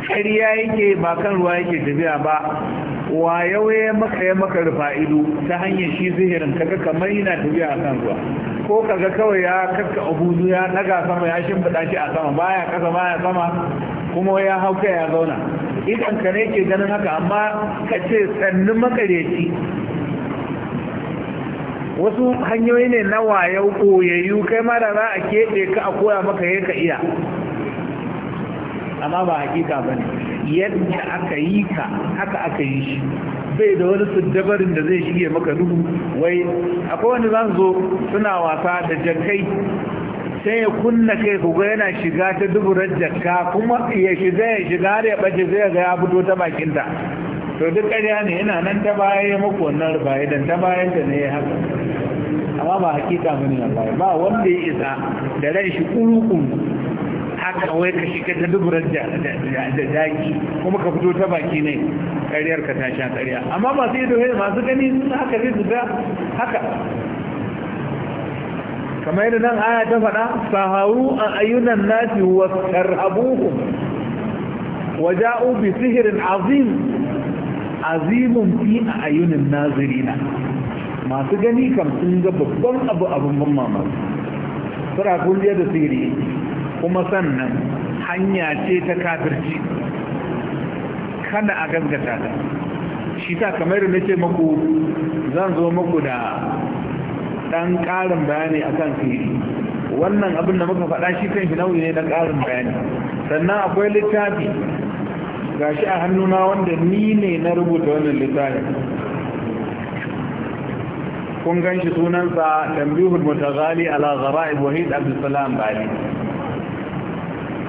ƙarya yake ba kan ruwa yake tafiya ba Wa ya maka ya maka rufa ta hanyar shi zihirin kaga kamar yana tafiya a kan ruwa ko kaga kawai ya kakka abuzu ya daga sama ya shimfiɗa shi a sama baya kasa baya sama kuma ya hauka ya zauna idan ka ne ke ganin haka amma ka ce sannu makareci wasu hanyoyi ne na wayau koyayyu kai ma da za a keɓe ka a koya maka ya ka iya amma ba hakika ba ne yadda aka yi ka haka aka yi shi bai da wani siddabarin da zai shige maka duhu wai akwai wani zan zo suna wasa da jakai sai ya kunna kai kuga yana shiga ta duburar jakka kuma ya shiga ya shiga har ya ɓace zai ga ya fito ta bakinta to duk ƙarya ne yana nan ta baya ya muku wannan rufa idan ta bayan da ne ya haka amma ba hakika bane Allah ba wanda ya isa da ran shi kurukun haka wai ka shiga ta duburar da daki kuma ka fito ta baki ne ƙaryar ka ta sha ƙarya amma masu ido ne masu gani sun haka zai su ga haka kamar yadda nan aya ta faɗa saharu a ayyunan nasi wa tarhabuhu wa ja'u bi sihirin azim azimun fi a ayyunan nazirina masu gani kam sun ga babban abu abun ban sura kun da sihiri kuma sannan hanya ce ta kafirci kada a gaskata ta shi ta kamar da ce maku zan zo maku da dan karin bayani akan sihiri wannan abin da muka faɗa shi kan shi nauyi ne na karin bayani sannan akwai littafi gashi a hannuna wanda ni ne na rubuta wannan littafi kun gan shi sunansa tambihul mutazali ala ghara'ib wahid abdulsalam bali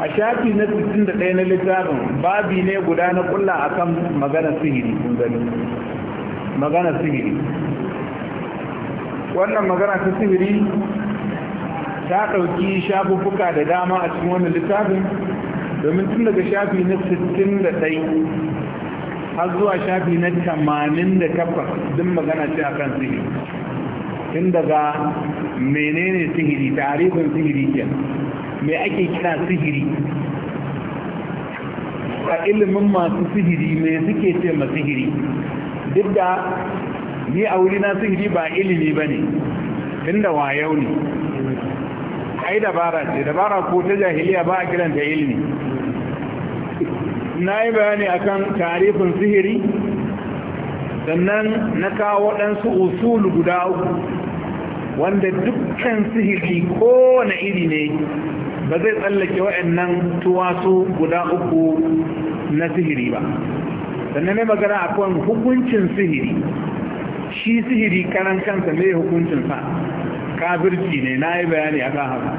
a shafi na 61 na littafin babi ne guda na kulla akan magana sihiri kun gani magana sihiri wannan magana ta sihiri ta ɗauki shafuffuka da dama a cikin wannan littafin domin tun daga shafi na 61 har zuwa shafi na 88 din magana ce akan sihiri tun daga menene sihiri tarihin sihiri kenan mai ake kira sihiri a ilimin masu sihiri mai suke ce ma sihiri duk da ni a wuri na sihiri ba ilimi ba ne inda wayau ne ai dabara ce dabara ko ta jahiliya ba a kiranta ilimi na yi bayani akan tarifin sihiri sannan na kawo waɗansu usulu guda uku wanda dukkan sihiri kowane iri ne ba zai tsallake wa'annan tuwasu guda uku na sihiri ba sannan mai magana a kan hukuncin sihiri shi sihiri karan kansa mai hukuncinsa kafirci ne na yi bayani a kan haka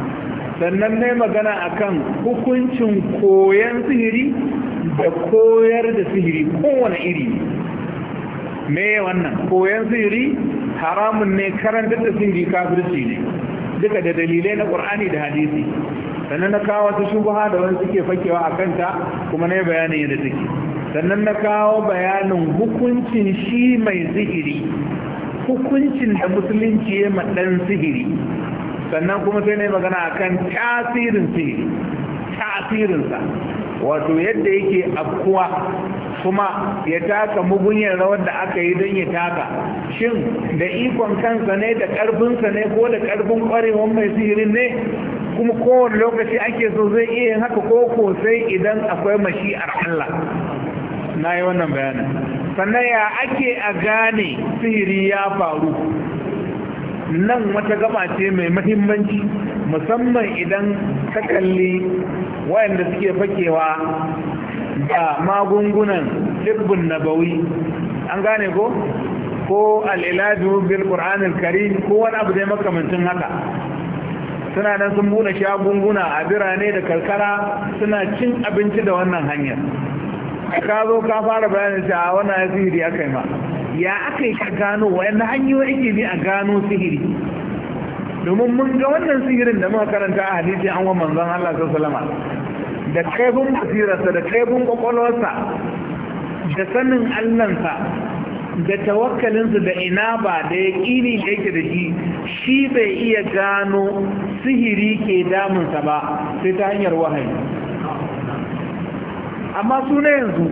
sannan mai magana a kan hukuncin koyon sihiri da koyar da sihiri kowane iri ne mai wannan koyon sihiri haramun ne karantar da sihiri kafirci ne duka da dalilai na qur'ani da hadisi sannan na kawo wata shubha da wani suke fakewa a kanta kuma na yi bayanin yadda take sannan na kawo bayanin hukuncin shi mai zihiri hukuncin da musulunci ya maɗan sihiri sannan kuma sai na yi magana a kan tasirin sihiri tasirinsa wato yadda yake afkuwa kuma ya taka mugunyar rawar da aka yi don ya taka shin da ikon kansa ne da ƙarfinsa ne ko da ƙarfin ƙwarewar mai sihirin ne kuma kowane lokaci ake so zai iya yin haka ko ko sai idan akwai mashi'ar Allah na yi wannan bayanin sannan ya ake a gane sihiri ya faru nan wata gaba ce mai mahimmanci musamman idan ta kalli wayanda suke fakewa da magungunan tibbin nabawi an gane ko ko al'ilaju bil ƙur'anin kari ko wani abu dai makamancin haka suna nan sun buɗe shagunguna a birane da karkara suna cin abinci da wannan hanyar ka zo ka fara bayanin a wannan ya sihiri aka yi ma ya aka yi ka gano wayan hanyoyi ake bi a gano sihiri domin mun ga wannan sihirin da muka karanta a hadisi an wa manzon Allah sallallahu alaihi wasallam da kaifin basirarsa da kaifin kwakwalwarsa da sanin allansa da tawakkalinsa da ina ba da ya ƙini da yake da shi shi bai iya gano sihiri ke damunsa ba sai ta hanyar wahayi amma su na yanzu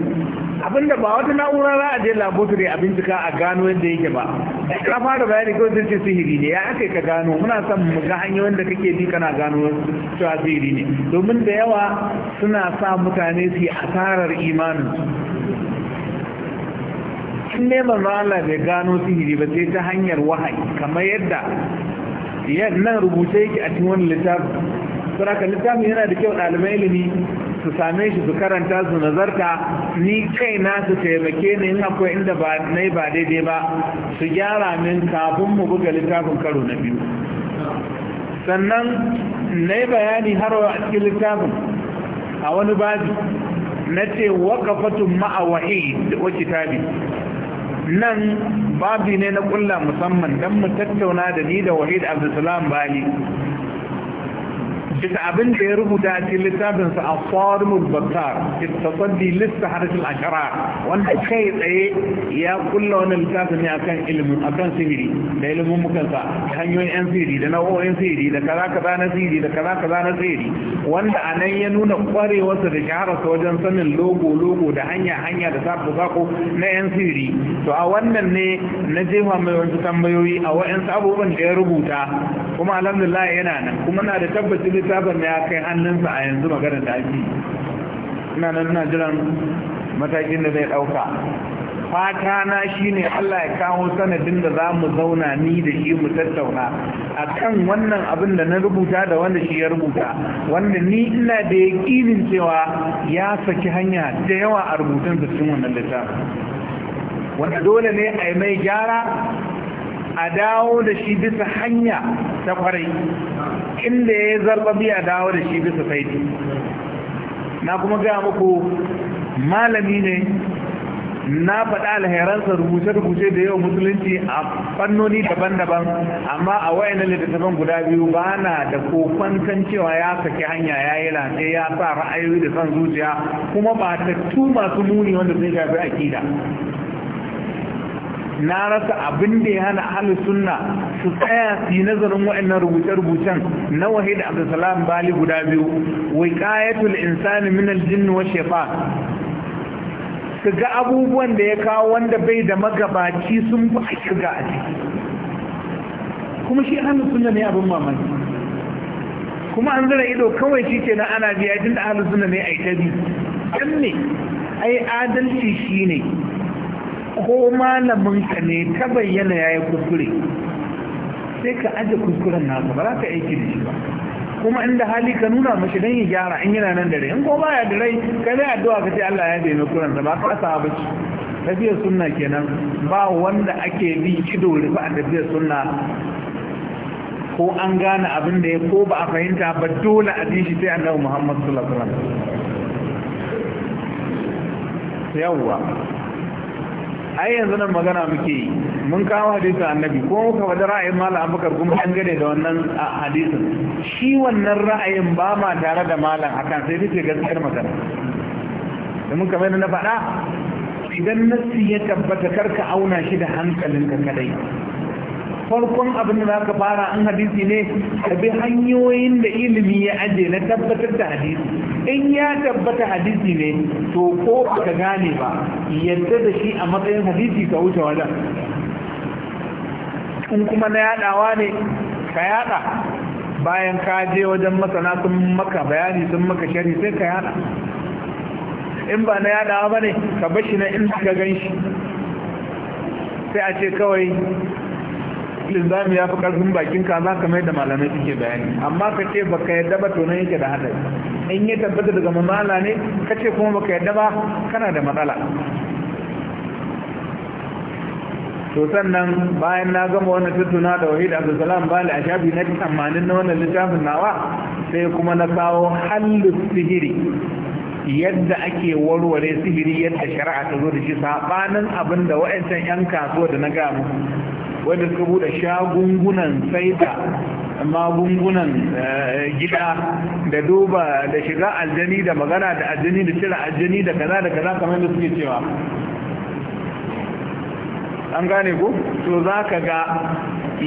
Abin da ba wata na'ura za a je laboratory a bincika a gano yadda yake ba ka fara bayani ko sun ce sihiri ne ya aka ka gano muna son mu ga hanyoyin da kake bi kana gano cewa sihiri ne domin da yawa suna sa mutane su yi asarar imanin in ne manzo Allah bai gano sihiri ba sai ta hanyar wahayi kamar yadda nan rubuce yake a cikin wani littafi saboda littafin yana da kyau ɗalibai ilimi su same shi su karanta su nazarta ni kaina su taimake ni in akwai inda ba nai ba daidai ba su gyara min kafin mu buga littafin karo na biyu sannan na yi bayani har wa cikin littafin a wani baji na ce waƙafatun ma'awahi da wake tabi nan babi ne na ƙulla musamman don mu tattauna da ni da wahid abdulsalam bali bisa abin da ya rubuta a cikin littafinsa a formul bakar tasaddi lissa harshen ashara wanda kai tsaye ya kulla wani littafin ne akan ilimin akan sihiri da ilimin mukansa da hanyoyin yan sihiri da nau'o'in sihiri da kaza kaza na sihiri da kaza kaza na sihiri wanda a nan ya nuna kwarewarsa da shahararsa wajen sanin logo logo da hanya hanya da sako sako na yan sihiri to a wannan ne na jefa mai wasu tambayoyi a wa'yansu abubuwan da ya rubuta kuma alhamdulillah yana nan kuma na da tabbacin littafin ya kai hannunsa a yanzu magana da ake ina nan ina jiran matakin da zai ɗauka fata na shi ne Allah ya kawo sanadin da za mu zauna ni da shi mu tattauna a kan wannan abin da na rubuta da wanda shi ya rubuta wanda ni ina da yaƙinin cewa ya saki hanya da yawa a rubutun da cikin wannan littafin wanda dole ne a yi mai gyara a dawo da shi bisa hanya ta kwarai inda ya zarba biya dawo da shi bisa saiti na kuma gaya muku malami ne na faɗa alheransa rubuce-rubuce da yau musulunci a fannoni daban-daban amma a wayan littattafan guda biyu ba na da kan cewa ya saki hanya ya yi rantse ya sa ra'ayoyi da son zuciya kuma ba ta tu masu muni wanda sun shafi akida na rasa abin da ya hana ahlus sunna su tsaya su yi nazarin waɗannan rubuce-rubucen na wahid abdulsalam bali guda biyu Wai qayatul insani min aljinn wa shaytan su ga abubuwan da ya kawo wanda bai da magabaci sun fi a shiga a ciki kuma shi ahlus sunna ne abin mamaki kuma an zira ido kawai shi ke na ana biya jin da ahlus sunna ne a ita bi dan ne ai adalci shine ko malaminka ne ta bayyana ya yi kuskure sai ka aje kuskuren nasa ba za ka aiki da shi ba kuma inda hali ka nuna mashi don ya gyara in yana nan da rai in ko ba ya da rai ka zai addu'a ka ce Allah ya daina kuran ba ka asa ba ci tafiyar sunna kenan ba wanda ake bi kido rufa a tafiyar sunna ko an gane abin da ya ko ba a fahimta ba dole a shi sai annabi Muhammad sallallahu alaihi wasallam yawwa ai yanzu nan magana muke mun kawo hadisin annabi ko muka faɗi ra'ayin malam abubakar kuma an gane da wannan hadisin shi wannan ra'ayin ba ma tare da malam akan sai take gaskiyar magana domin kamar na faɗa idan nassi ya tabbata karka auna shi da hankalinka kadai farkon abin da zaka fara an hadisi ne ka bi hanyoyin da ilimi ya aje na tabbatar da hadisi in ya tabbata hadisi ne to ko ka gane ba yadda da shi a matsayin hadisi ka wuce wajen in kuma na yadawa ne ka yada bayan ka je wajen masana sun maka bayani sun maka shari sai ka yada in ba na yadawa ba ne ka bashi na inda ka gan shi sai a ce kawai linzami ya fi ƙarfin bakin ka za ka mai da malamai suke bayani amma ka ce ba ka yadda ba tonon yake da haɗari in ya tabbata daga mamala ne ka ce kuma ba ka yadda ba kana da matsala to sannan bayan na gama wannan tattuna da wahid abdulsalam ba a shafi na tsammanin na wannan littafin nawa sai kuma na kawo hallu sihiri yadda ake warware sihiri yadda shari'a ta zo da shi sabanin abin da wa'ancan 'yan kasuwa da na gaya muku wanda suka bude shagungunan saida magungunan eh, gida da duba da shiga aljani da magana da aljani da cire aljani da kaza da kaza kamar da suke cewa an gane ku? to za ka ga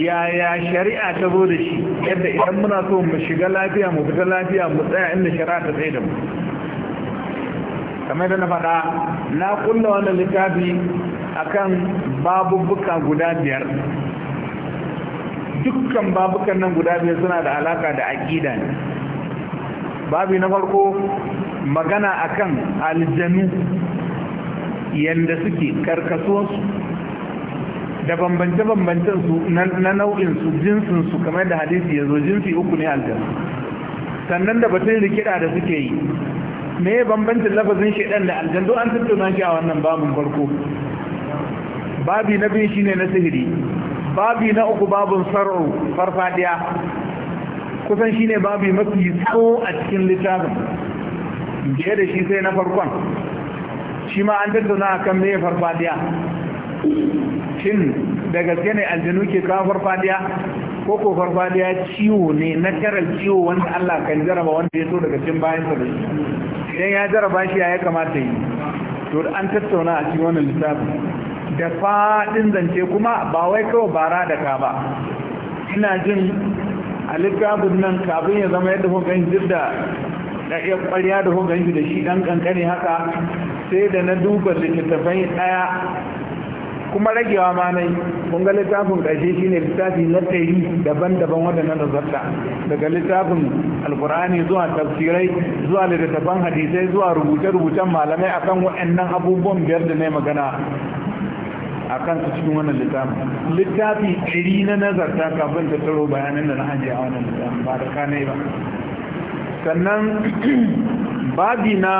yaya shari'a ta zo da shi yadda idan muna so mu shiga lafiya mu fita lafiya mu tsaya inda shari'a ta tsaye da mu kamar da na faɗa na kulla wannan littafi akan babubuka guda biyar dukkan babukan nan guda biyar suna da alaka da aƙida ne babi na farko magana akan aljanu yanda suke karkasuwarsu da bambance-bambancen su na nau'in su jinsin su kamar da hadisi ya zo jinsi uku ne aljanu sannan da batun rikida da suke yi me bambancin lafazin shaidan da aljanu an tattauna shi a wannan babin farko babi na biyu shine na sihiri babi na uku babun sar'u farfadiya kusan shine babi mafi tsawo a cikin littafin biye da shi sai na farkon shi ma an tattauna kan me farfadiya shin da gaske ne aljanu ke kawo farfadiya ko ko farfadiya ciwo ne na karar ciwo wanda Allah kan jaraba wanda ya so daga cikin bayan sa da shi idan ya jaraba shi ya kamata yi to an tattauna a cikin wannan littafin da faɗin zance kuma ba wai kawai bara da ka ba ina jin alikabin nan kafin ya zama yadda hukun jirda da iya ƙwarya da hukun da shi ɗan ƙanƙani haka sai da na duba littattafai ɗaya kuma ragewa ma nai kun ga littafin ƙarshe shine littafi na tayi daban-daban waɗannan nazarta daga littafin alkur'ani zuwa tafsirai zuwa littattafan hadisai zuwa rubuce-rubucen malamai akan waɗannan abubuwan biyar da na magana a kansu cikin wannan littafi littafi ɗari na nazarta kafin ta taro bayanan da na hajji a wannan littafi ba da kanai ba sannan babi na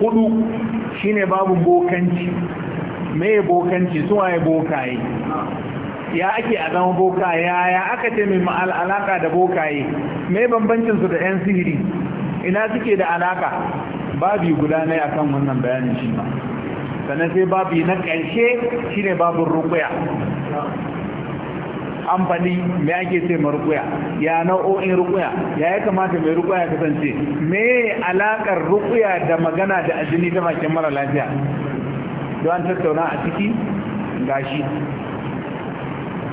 hudu shine babu bokanci mai bokanci waye bokaye ya ake a zama bokaye ya aka ce mai alaka da bokaye mai bambancinsu da 'yan sihiri ina suke da alaka babi guda ne akan wannan bayanin shi ba sannan sai babu na ƙarshe shine babin rukuya an faɗi me ake sai ma rukuya ya nau'o'in rukuya ya ya kamata mai rukuya kasance me alaƙar rukuya da magana da ajini ta bakin mara lafiya don an tattauna a ciki gashi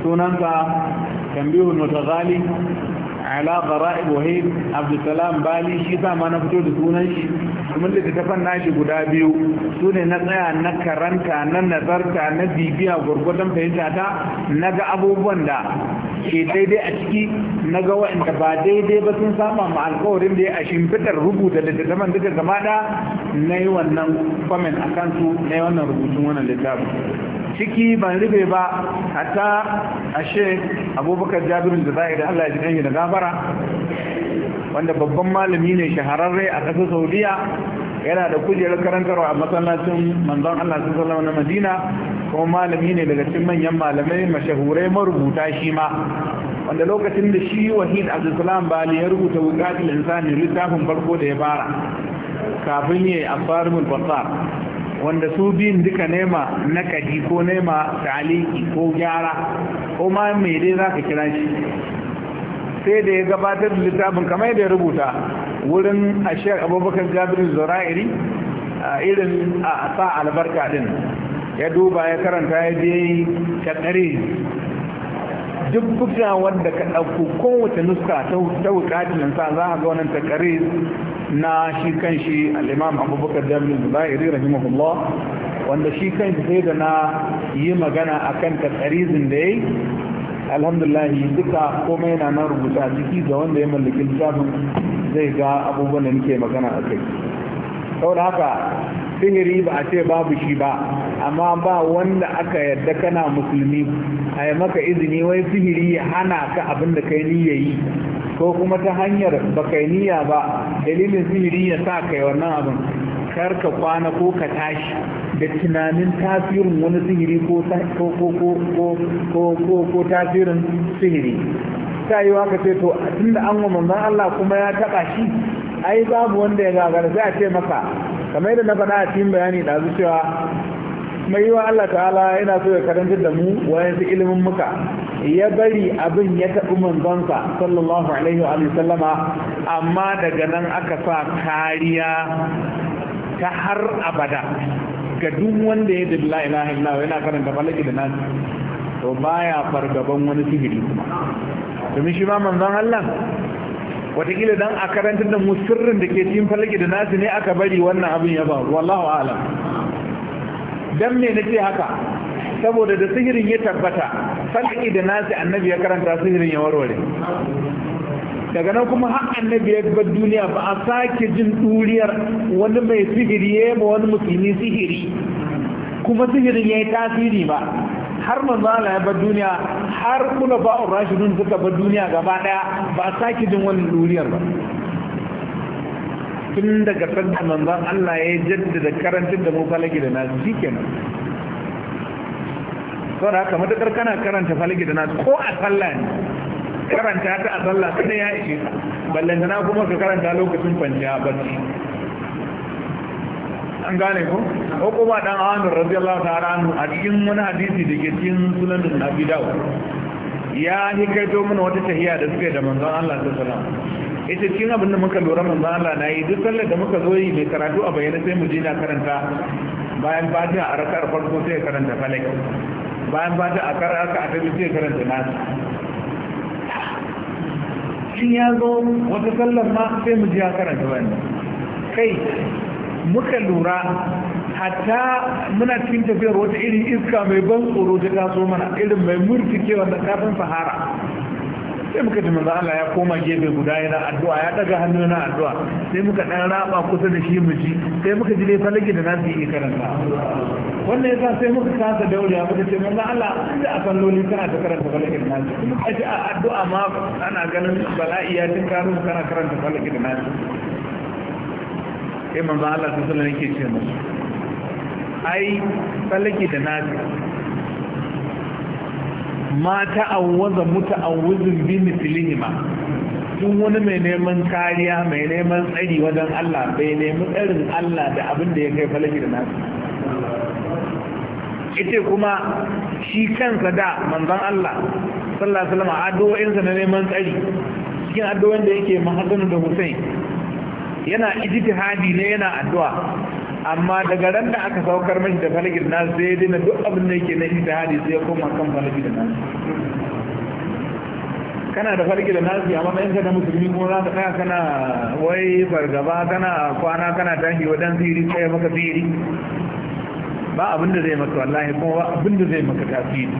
sunansa tambihul mutazali ala gara'ib wahid abdulsalam bali shi sa ma na fito da sunan shi kuma littattafan nashi guda biyu su ne na tsaya na karanta na nazarta na bibiya gwargwadon fahimta ta na ga abubuwan da ke daidai a ciki na ga waɗanda ba daidai ba sun samu ma alkawarin da ya a shimfidar rubuta littattafan duka gama da na yi wannan famin a kansu na yi wannan rubutun wannan littafin ciki ban rufe ba ta ashe abubakar jabirin da yi da allah ya ji da gafara wanda babban malami ne shahararre a ƙasar saudiya yana da kujerar karantarwa a masallacin manzon allah sun sallama na madina kuma malami ne daga cikin manyan malamai mashahurai marubuta shi ma wanda lokacin da shi wahid abdulsalam bali ya rubuta wukatul insani littafin farko da ya fara kafin yayi asfarul basar wanda su biyun duka nema na kaji ko nema taliki ko gyara ko ma mai dai za ka kira shi sai da ya gabatar da littafin kamar da ya rubuta wurin a shek abubakar gabirin zura'iri a irin a sa albarka din ya duba ya karanta ya je shakari duk buga wanda ka ɗauko kowace nuska ta nan sa za a ga wannan takarir na shi kan shi al'imam abubakar jami'in zahiri rahimahullah wanda shi kan sai da na yi magana a kan takarizin da ya yi alhamdulahi duka komai na nan rubuta ciki da wanda ya mallaki littafin zai ga abubuwan da nake magana akai. kai saboda haka sihiri ba a ce babu shi ba amma ba wanda aka yarda kana musulmi a yi maka izini wai sihiri ya hana ka abin da kai niyya yi ko kuma ta hanyar ba kai niyya ba dalilin sihiri ya sa kai wannan abin kar ka kwana ko ka tashi da tunanin tasirin wani sihiri ko tasirin sihiri ta yi waka ce to tunda an wa manzon Allah kuma ya taba shi ai babu wanda ya gagara sai a ce maka kamar da na faɗa a cikin bayani da cewa mai yiwa Allah ta'ala yana so ya karantar da mu wayansu ilimin muka ya bari abin ya taɓi manzonsa sallallahu alaihi wa sallama amma daga nan aka sa kariya ta har abada ga duk wanda ya dubi la ilaha illallah yana karanta falaki da nan to baya fargaban wani sihiri kuma domin shi ma manzon Allah watakila dan a karantar da mu sirrin da ke cikin falaki da nasu ne aka bari wannan abin ya faru wallahu a'lam dan me nace haka saboda da sihirin ya tabbata falaki da nasi annabi ya karanta sihirin ya warware daga nan kuma har annabi ya bar duniya ba a sake jin duriyar wani mai sihiri ya ma wani musulmi sihiri kuma sihirin ya yi tasiri ba har manzala ya bar duniya har kula ba'ur rashidun suka bar duniya gaba daya ba a sake jin wannan duriyar ba tun daga sanda manzan Allah ya jaddada karantin da mu lagi da nasu shikenan sau da haka matuƙar kana karanta falgi da nasu ko a sallah ne karanta ta a sallah kada ya ishe ka ballantana kuma ka karanta lokacin kwanciya su an gane ku? ko kuma dan Amir radiyallahu ta ranu a cikin wani hadisi da ke cikin sunan Abi dawo ya hikaito mana wata tahiya da suke da manzon Allah ta alaihi ita cikin abin da muka lura manzo Allah na yi duk sallar da muka zo yi mai karatu a bayyana sai mu je na karanta bayan fatiha a rakar farko sai karanta falak bayan fatiha a karar aka a tabi sai karanta nasu shin ya zo wata sallar ma sai mu je ya karanta wani kai muka lura hatta muna cikin tafiyar wata irin iska mai ban tsoro ta taso mana irin mai murtike wanda kafin fahara sai muka ji manzo Allah ya koma gefe guda yana addu'a ya daga hannu yana addu'a sai muka dan raba kusa da shi mu ji sai muka ji dai falaki da nasu yi karanta wannan yasa sai muka kasa ya muka ce manzo Allah da a loli kana ta karanta falaki da nasu kuma kashi a addu'a ma ana ganin bala'i ya tun karu kana karanta falaki da nasu sai manzo Allah sallallahu alaihi wasallam yake ce musu ai falaki da nasu ma ta'awwaza muta'awwizun bi mislihima duk wani mai neman kariya mai neman tsari wajen Allah bai nemi tsarin Allah da abin da ya kai falaki da nasu ita kuma shi kansa da manzon Allah sallallahu alaihi wasallam addu'o'insa na neman tsari cikin addu'o'in da yake mahadanu da Hussein yana ijtihadi ne yana addu'a amma daga ran da aka saukar mashi da falagin na sai dina duk abin da yake na ijtihadi sai ya koma kan falagin da nasu kana da falagin da nasu amma in ka da musulmi kuma za ka kaya kana wai fargaba kana kwana kana tashi wadan siri kai maka siri ba abin da zai maka wallahi kuma ba abin da zai maka tasiri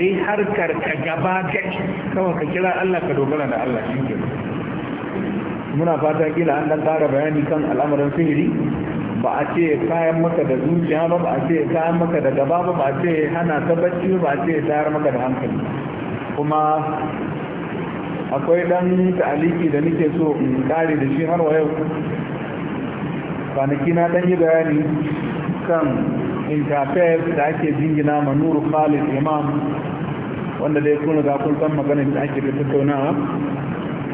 yi harkar ka gaba kai kama ka kira Allah ka dogara da Allah shi muna fata kila an dan kara bayani kan al'amarin sihiri ba a ce kayan maka da zuciya ba ba a ce kayan maka da gaba ba ba a ce hana ta bacci ba a ce tayar maka da hankali kuma akwai dan ta'aliki da nake so in kare da shi har wa yau kwanaki na dan yi bayani kan interfaith da ake jingina ma nuru khalid imam wanda dai kuna ga kun san maganar da ake tattaunawa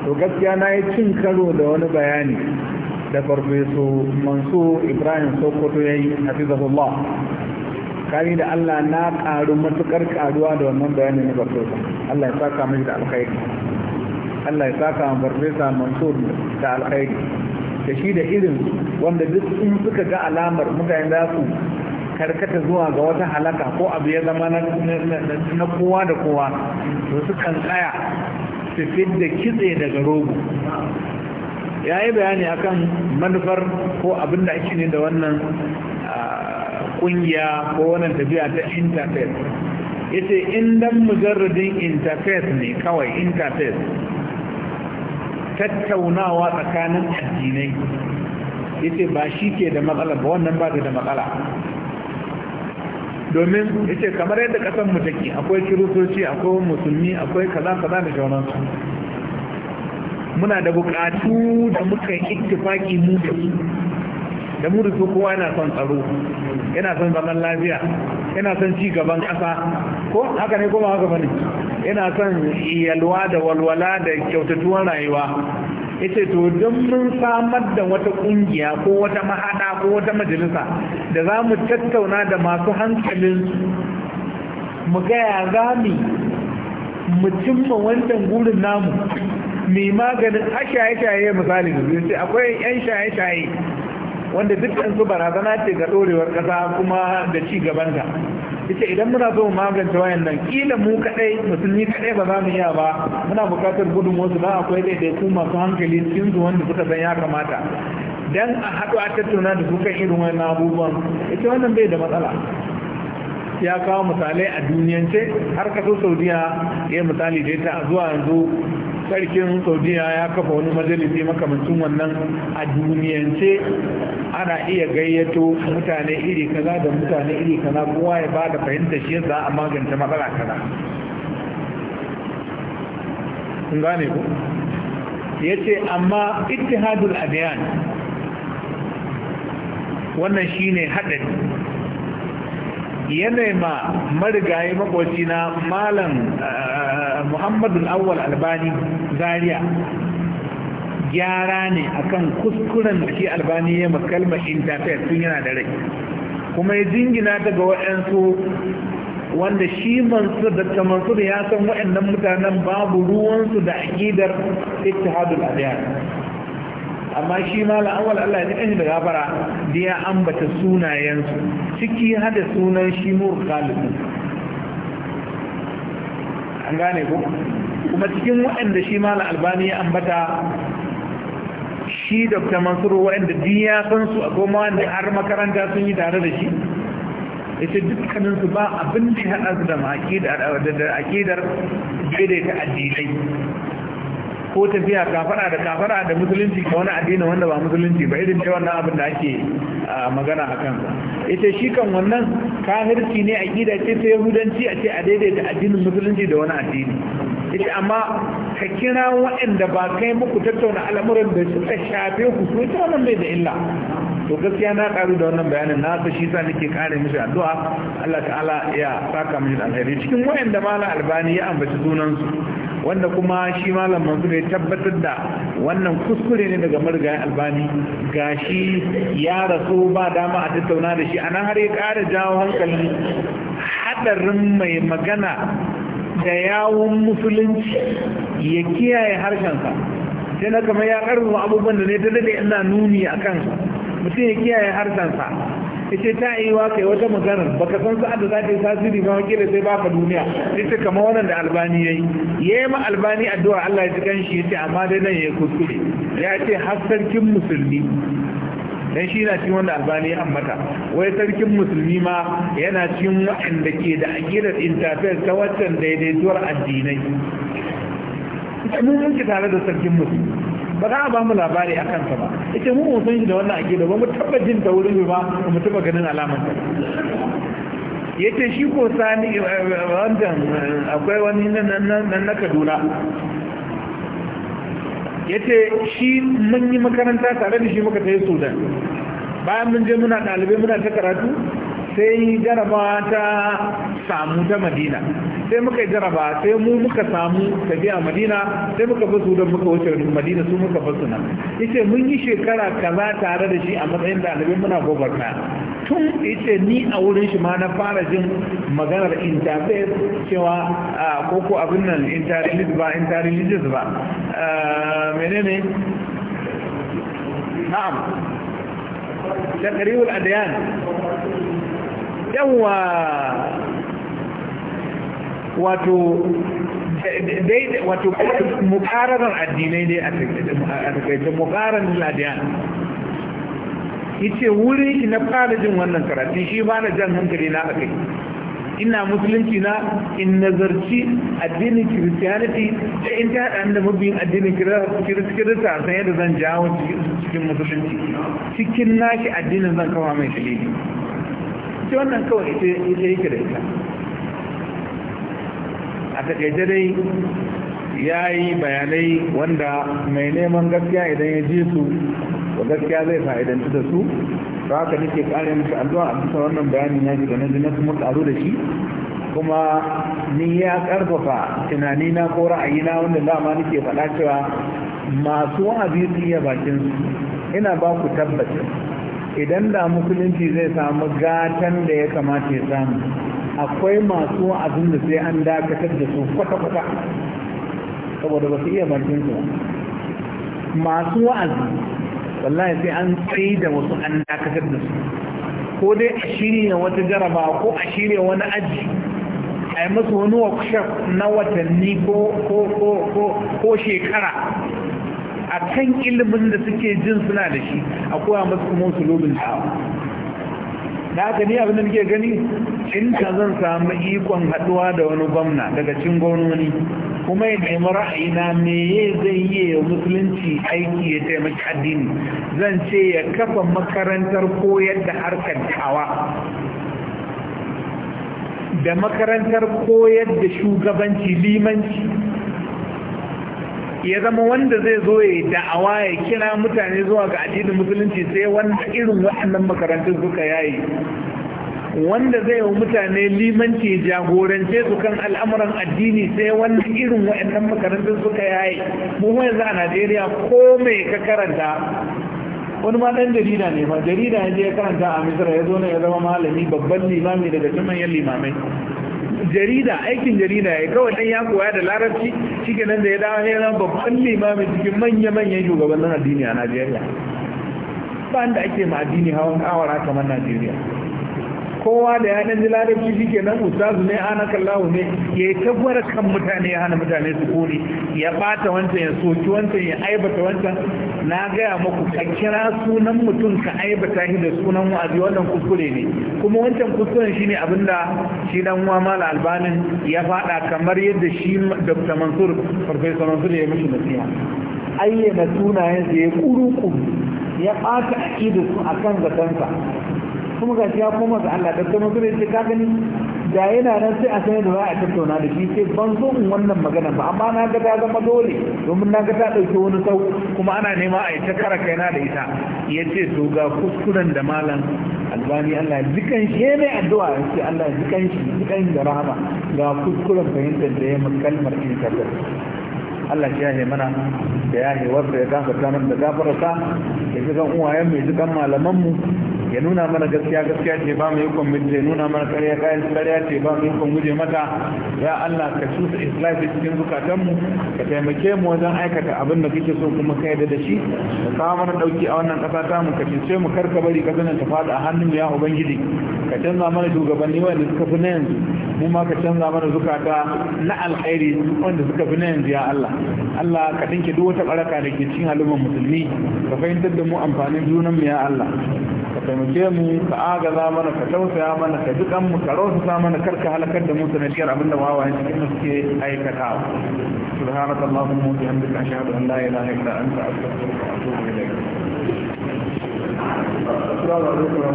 to gaskiya na yi cin karo da wani bayani da farfesu mansur ibrahim sokoto ya yi hafizahullah kari da allah na karu matukar karuwa da wannan bayanin na farfesa allah ya saka mai da alkhairi allah ya saka wa farfesa mansur da alkhairi da shi da irin wanda duk sun suka ga alamar mutane za su karkata zuwa ga wata halaka ko abu ya zama na kowa da kowa da su kan tsaya su da kitse daga rogo ya yi bayani akan manufar ko abin da ake ne da wannan kungiya ko wannan tafiya ta interface yace in mujarradin interface ne kawai interface tattaunawa tsakanin addinai yace ba shi ke da matsala ba wannan ba da matsala domin yace kamar yadda kasan mu take akwai kiristoci akwai musulmi akwai kaza kaza da shaunansu. muna da bukatu da muka yi ittifaki mu da su da mu da su kowa yana son tsaro yana son zaman lafiya yana son ci gaban ƙasa ko haka ne kuma haka bane yana son yalwa da walwala da kyautatuwar rayuwa ita to don mun samar da wata kungiya ko wata mahada ko wata majalisa da za mu tattauna da masu hankalin mu gaya za mu cimma wancan gurin namu mai maganin a shaye-shaye misali da sai akwai 'yan shaye-shaye wanda dukkan su barazana ce ga ɗorewar ƙasa kuma da ci gabanta ita idan muna so mu magance wayan nan kila mu kadai musulmi kadai ba za mu iya ba muna buƙatar gudun wasu ba akwai ɗaiɗaiku masu hankali cikin su wanda suka san ya kamata dan a haɗu a tattauna da su irin wannan abubuwan ita wannan bai da matsala ya kawo misalai a duniyance har kaso saudiya ya misali da ita zuwa yanzu sarkin saudiya ya kafa wani majalisi makamancin wannan a duniyance ana iya gayyato mutane iri kaza da mutane iri kaza kowa ya ba da fahimta shi yadda a magance matsala kaza kun gane ku ya ce amma ittihadul adiyan wannan shine haɗari yanayi ma marigayi makoci na malam eh, eh, muhammadu awwal albani zaria gyara ne akan kuskuren da shi albani ya makalma interface tun yana da rai kuma ya jingina daga waɗansu wanda shi mansu da ta da ya san waɗannan mutanen babu ruwansu da aƙidar ittihadul adiyar amma shi ma awwal Allah ya ji daga gafara da ya ambata sunayensu ciki hada sunan shi murkhalifin an gane ku kuma cikin waɗanda shi mala albani ya ambata shi dr Mansur, waɗanda diya san su a goma wanda har makaranta sun yi tare da shi ya ce dukkaninsu ba abin da ya haɗa su da akidar daidaita addinai ko tafiya kafara da kafara da musulunci ko wani addini wanda ba musulunci ba irin cewa wannan abin da ake magana akan ita shi kan wannan kafirci ne a gida ce ta yahudanci a ce a daidaita addinin musulunci da wani addini ita amma ka kira waɗanda ba kai muku tattauna al'amuran da suka shafe ku su ita wannan bai da illa to gaskiya na karu da wannan bayanin na ta shi sa nake kare mishi addu'a Allah ta'ala ya saka mishi alheri cikin waɗanda mala albani ya ambaci sunan su wanda kuma shi malam mansur ya tabbatar da wannan kuskure ne daga marigayi albani ga shi ya rasu ba dama a tattauna da shi a nan har ya kara jawo hankali haɗarin mai magana da yawon musulunci ya kiyaye harshensa sai na kamar ya karfafa abubuwan da ne ta daɗe ina nuni a mutum ya kiyaye harshensa ita ta yi wa kai wata magana baka san sa'ad da za ta yi tasiri ba wakila sai baka duniya ita kamar wannan da albani ya yi ya yi ma albani addu'a Allah ya ji shi ya ce amma dai nan ya yi kuskure ya ce har sarkin musulmi dan shi na cikin wanda albani ya ambata wai sarkin musulmi ma yana cikin wa'anda ke da akidar interface ta waccan daidaituwar addinai mun muke tare da sarkin musulmi ba za a ba mu labari a kansa ba ita mu san shi da wannan akida ba mu taba jin da wurin ba mu taba ganin alamar ta yace shi ko sani eh, eh, wannan eh, akwai wani nan na Kaduna yace shi mun yi makaranta tare da shi muka tafi Sudan bayan mun je muna ɗalibai muna ta karatu sai jaraba ta samu ta madina sai muka jaraba sai mu muka samu tafiya madina sai muka basu don muka wuce da madina su muka basu nan yace mun yi shekara kaza tare da shi a matsayin ɗalibai muna gobarta tun yace ni a wurin shi ma na fara jin maganar interfaith cewa ko ko abin nan interreligious ba interreligious ba menene na'am taqribul adyan yawa wato wato mukararar addinai ne a takaice mukararar ladiyan yace wuri na fara jin wannan karatun shi ba na jan hankali na akai ina musulunci na in nazarci addinin christianity da in ta haɗa da mabiyin addinin kirista san yadda zan jawo cikin musulunci cikin nashi addinin zan kawo mai dalili fahimci wannan kawai ita yake da ita a takaice dai ya yi bayanai wanda mai neman gaskiya idan ya ji su da gaskiya zai fa'idanci da su ba haka nake ƙarin su addu'a a bisa wannan bayanin ya shiga nan na kuma tsaro da shi kuma ni ya karfafa tunani na ko ra'ayina wanda dama nake faɗa cewa masu wa'azi su iya bakin su ina ba ku tabbacin idan da musulunci zai samu gatan da ya kamata ya samu akwai masu wa'azin da sai an dakatar da su kwata-kwata saboda ba su iya bakin su masu wa'azi wallahi sai an tsaye da wasu an dakatar da su ko dai a shirya wata jaraba ko a shirya wani aji a yi musu wani workshop na watanni ko shekara a kan ilimin da suke jin suna da shi a koya masu kuma su lobin hawa na ni abin da nake gani in ka zan samu ikon haduwa da wani gwamna daga cin gwamnoni kuma ya nemi ra'ayina meye zai yi ya musulunci aiki ya taimaki addini zan ce ya kafa makarantar koyar da harkar dawa da makarantar koyar da shugabanci limanci ya zama wanda zai zo ya da'awa ya kira mutane zuwa ga addinin musulunci sai wanda irin waɗannan makarantun suka yayi wanda zai wa mutane limanci jagorance su kan al'amuran addini sai wanda irin waɗannan makarantun suka yayi mu yanzu a Najeriya ko mai ka karanta wani ma ɗan jarida ne ba jarida ya je ya karanta a Misira ya zo ne ya zama malami babban limami daga cikin limamai jarida aikin jarida ya kawai dan ya koya da larabci shike nan da ya dawo ne ran babban limamin cikin manya-manyan shugabannin addini a Najeriya ba inda ake ma addini hawan kawara kamar Najeriya kowa da ya ɗan ji larabci shi kenan ustazu ne ana kallahu ne ya yi tabbara kan mutane ya hana mutane su kone ya ɓata wancan ya soki wancan ya aibata wancan na gaya muku ka kira sunan mutum ka aibata shi da sunan wa'azi wannan kuskure ne kuma wancan kuskuren shine abin da shi dan uwa mala albanin ya faɗa kamar yadda shi dr mansur farfesa ya mishi nasiha ayyana sunayensa ya kuru ya ɓata aƙidar su kan zatansa kuma gashi ya koma ga Allah da kuma zai ce ka gani da yana nan sai a san da za a tattauna da shi sai ban zo in wannan magana ba amma na ga ta zama dole domin na ga ta dauke wani sau kuma ana nema a yi ta kara kaina da ita ya ce to ga kuskuren da malam albani Allah zikan shi ya mai addu'a ya ce Allah zikan shi zikan da rahama ga kuskuren fahimtar da ya kalmar intanet Allah shi yi mana da ya yi wasu ya gafarta mana da gafarta ya ji kan uwayen mai ji kan malamanmu ya nuna mana gaskiya gaskiya ce ba mu yukon muje ya nuna mana karya kayan karya ce ba mu yukon guje mata ya Allah ka cusa islafi cikin zukatanmu ka taimake mu wajen aikata abin da kake so kuma ka yadda da shi ka kawo mana dauki a wannan kasa ta mu ka cince mu kar ka bari zana ta fada a hannun ya ubangiji ka canza mana shugabanni wanda suka fi na yanzu mu ma ka canza mana zukata na alkhairi wanda suka fi na yanzu ya Allah Allah ka dinke duk wata baraka da ke cikin halumman musulmi ka fahimtar da mu amfanin junanmu ya Allah taimake mu ka agaza mana ka tausaya mana ka ji mu ka rausasa mana karka halakar da mu sanadiyar abinda wawayen cikin suke aikatawa subhanaka allahumma wa bihamdika ashhadu an la ilaha illa anta astaghfiruka wa atubu ilayk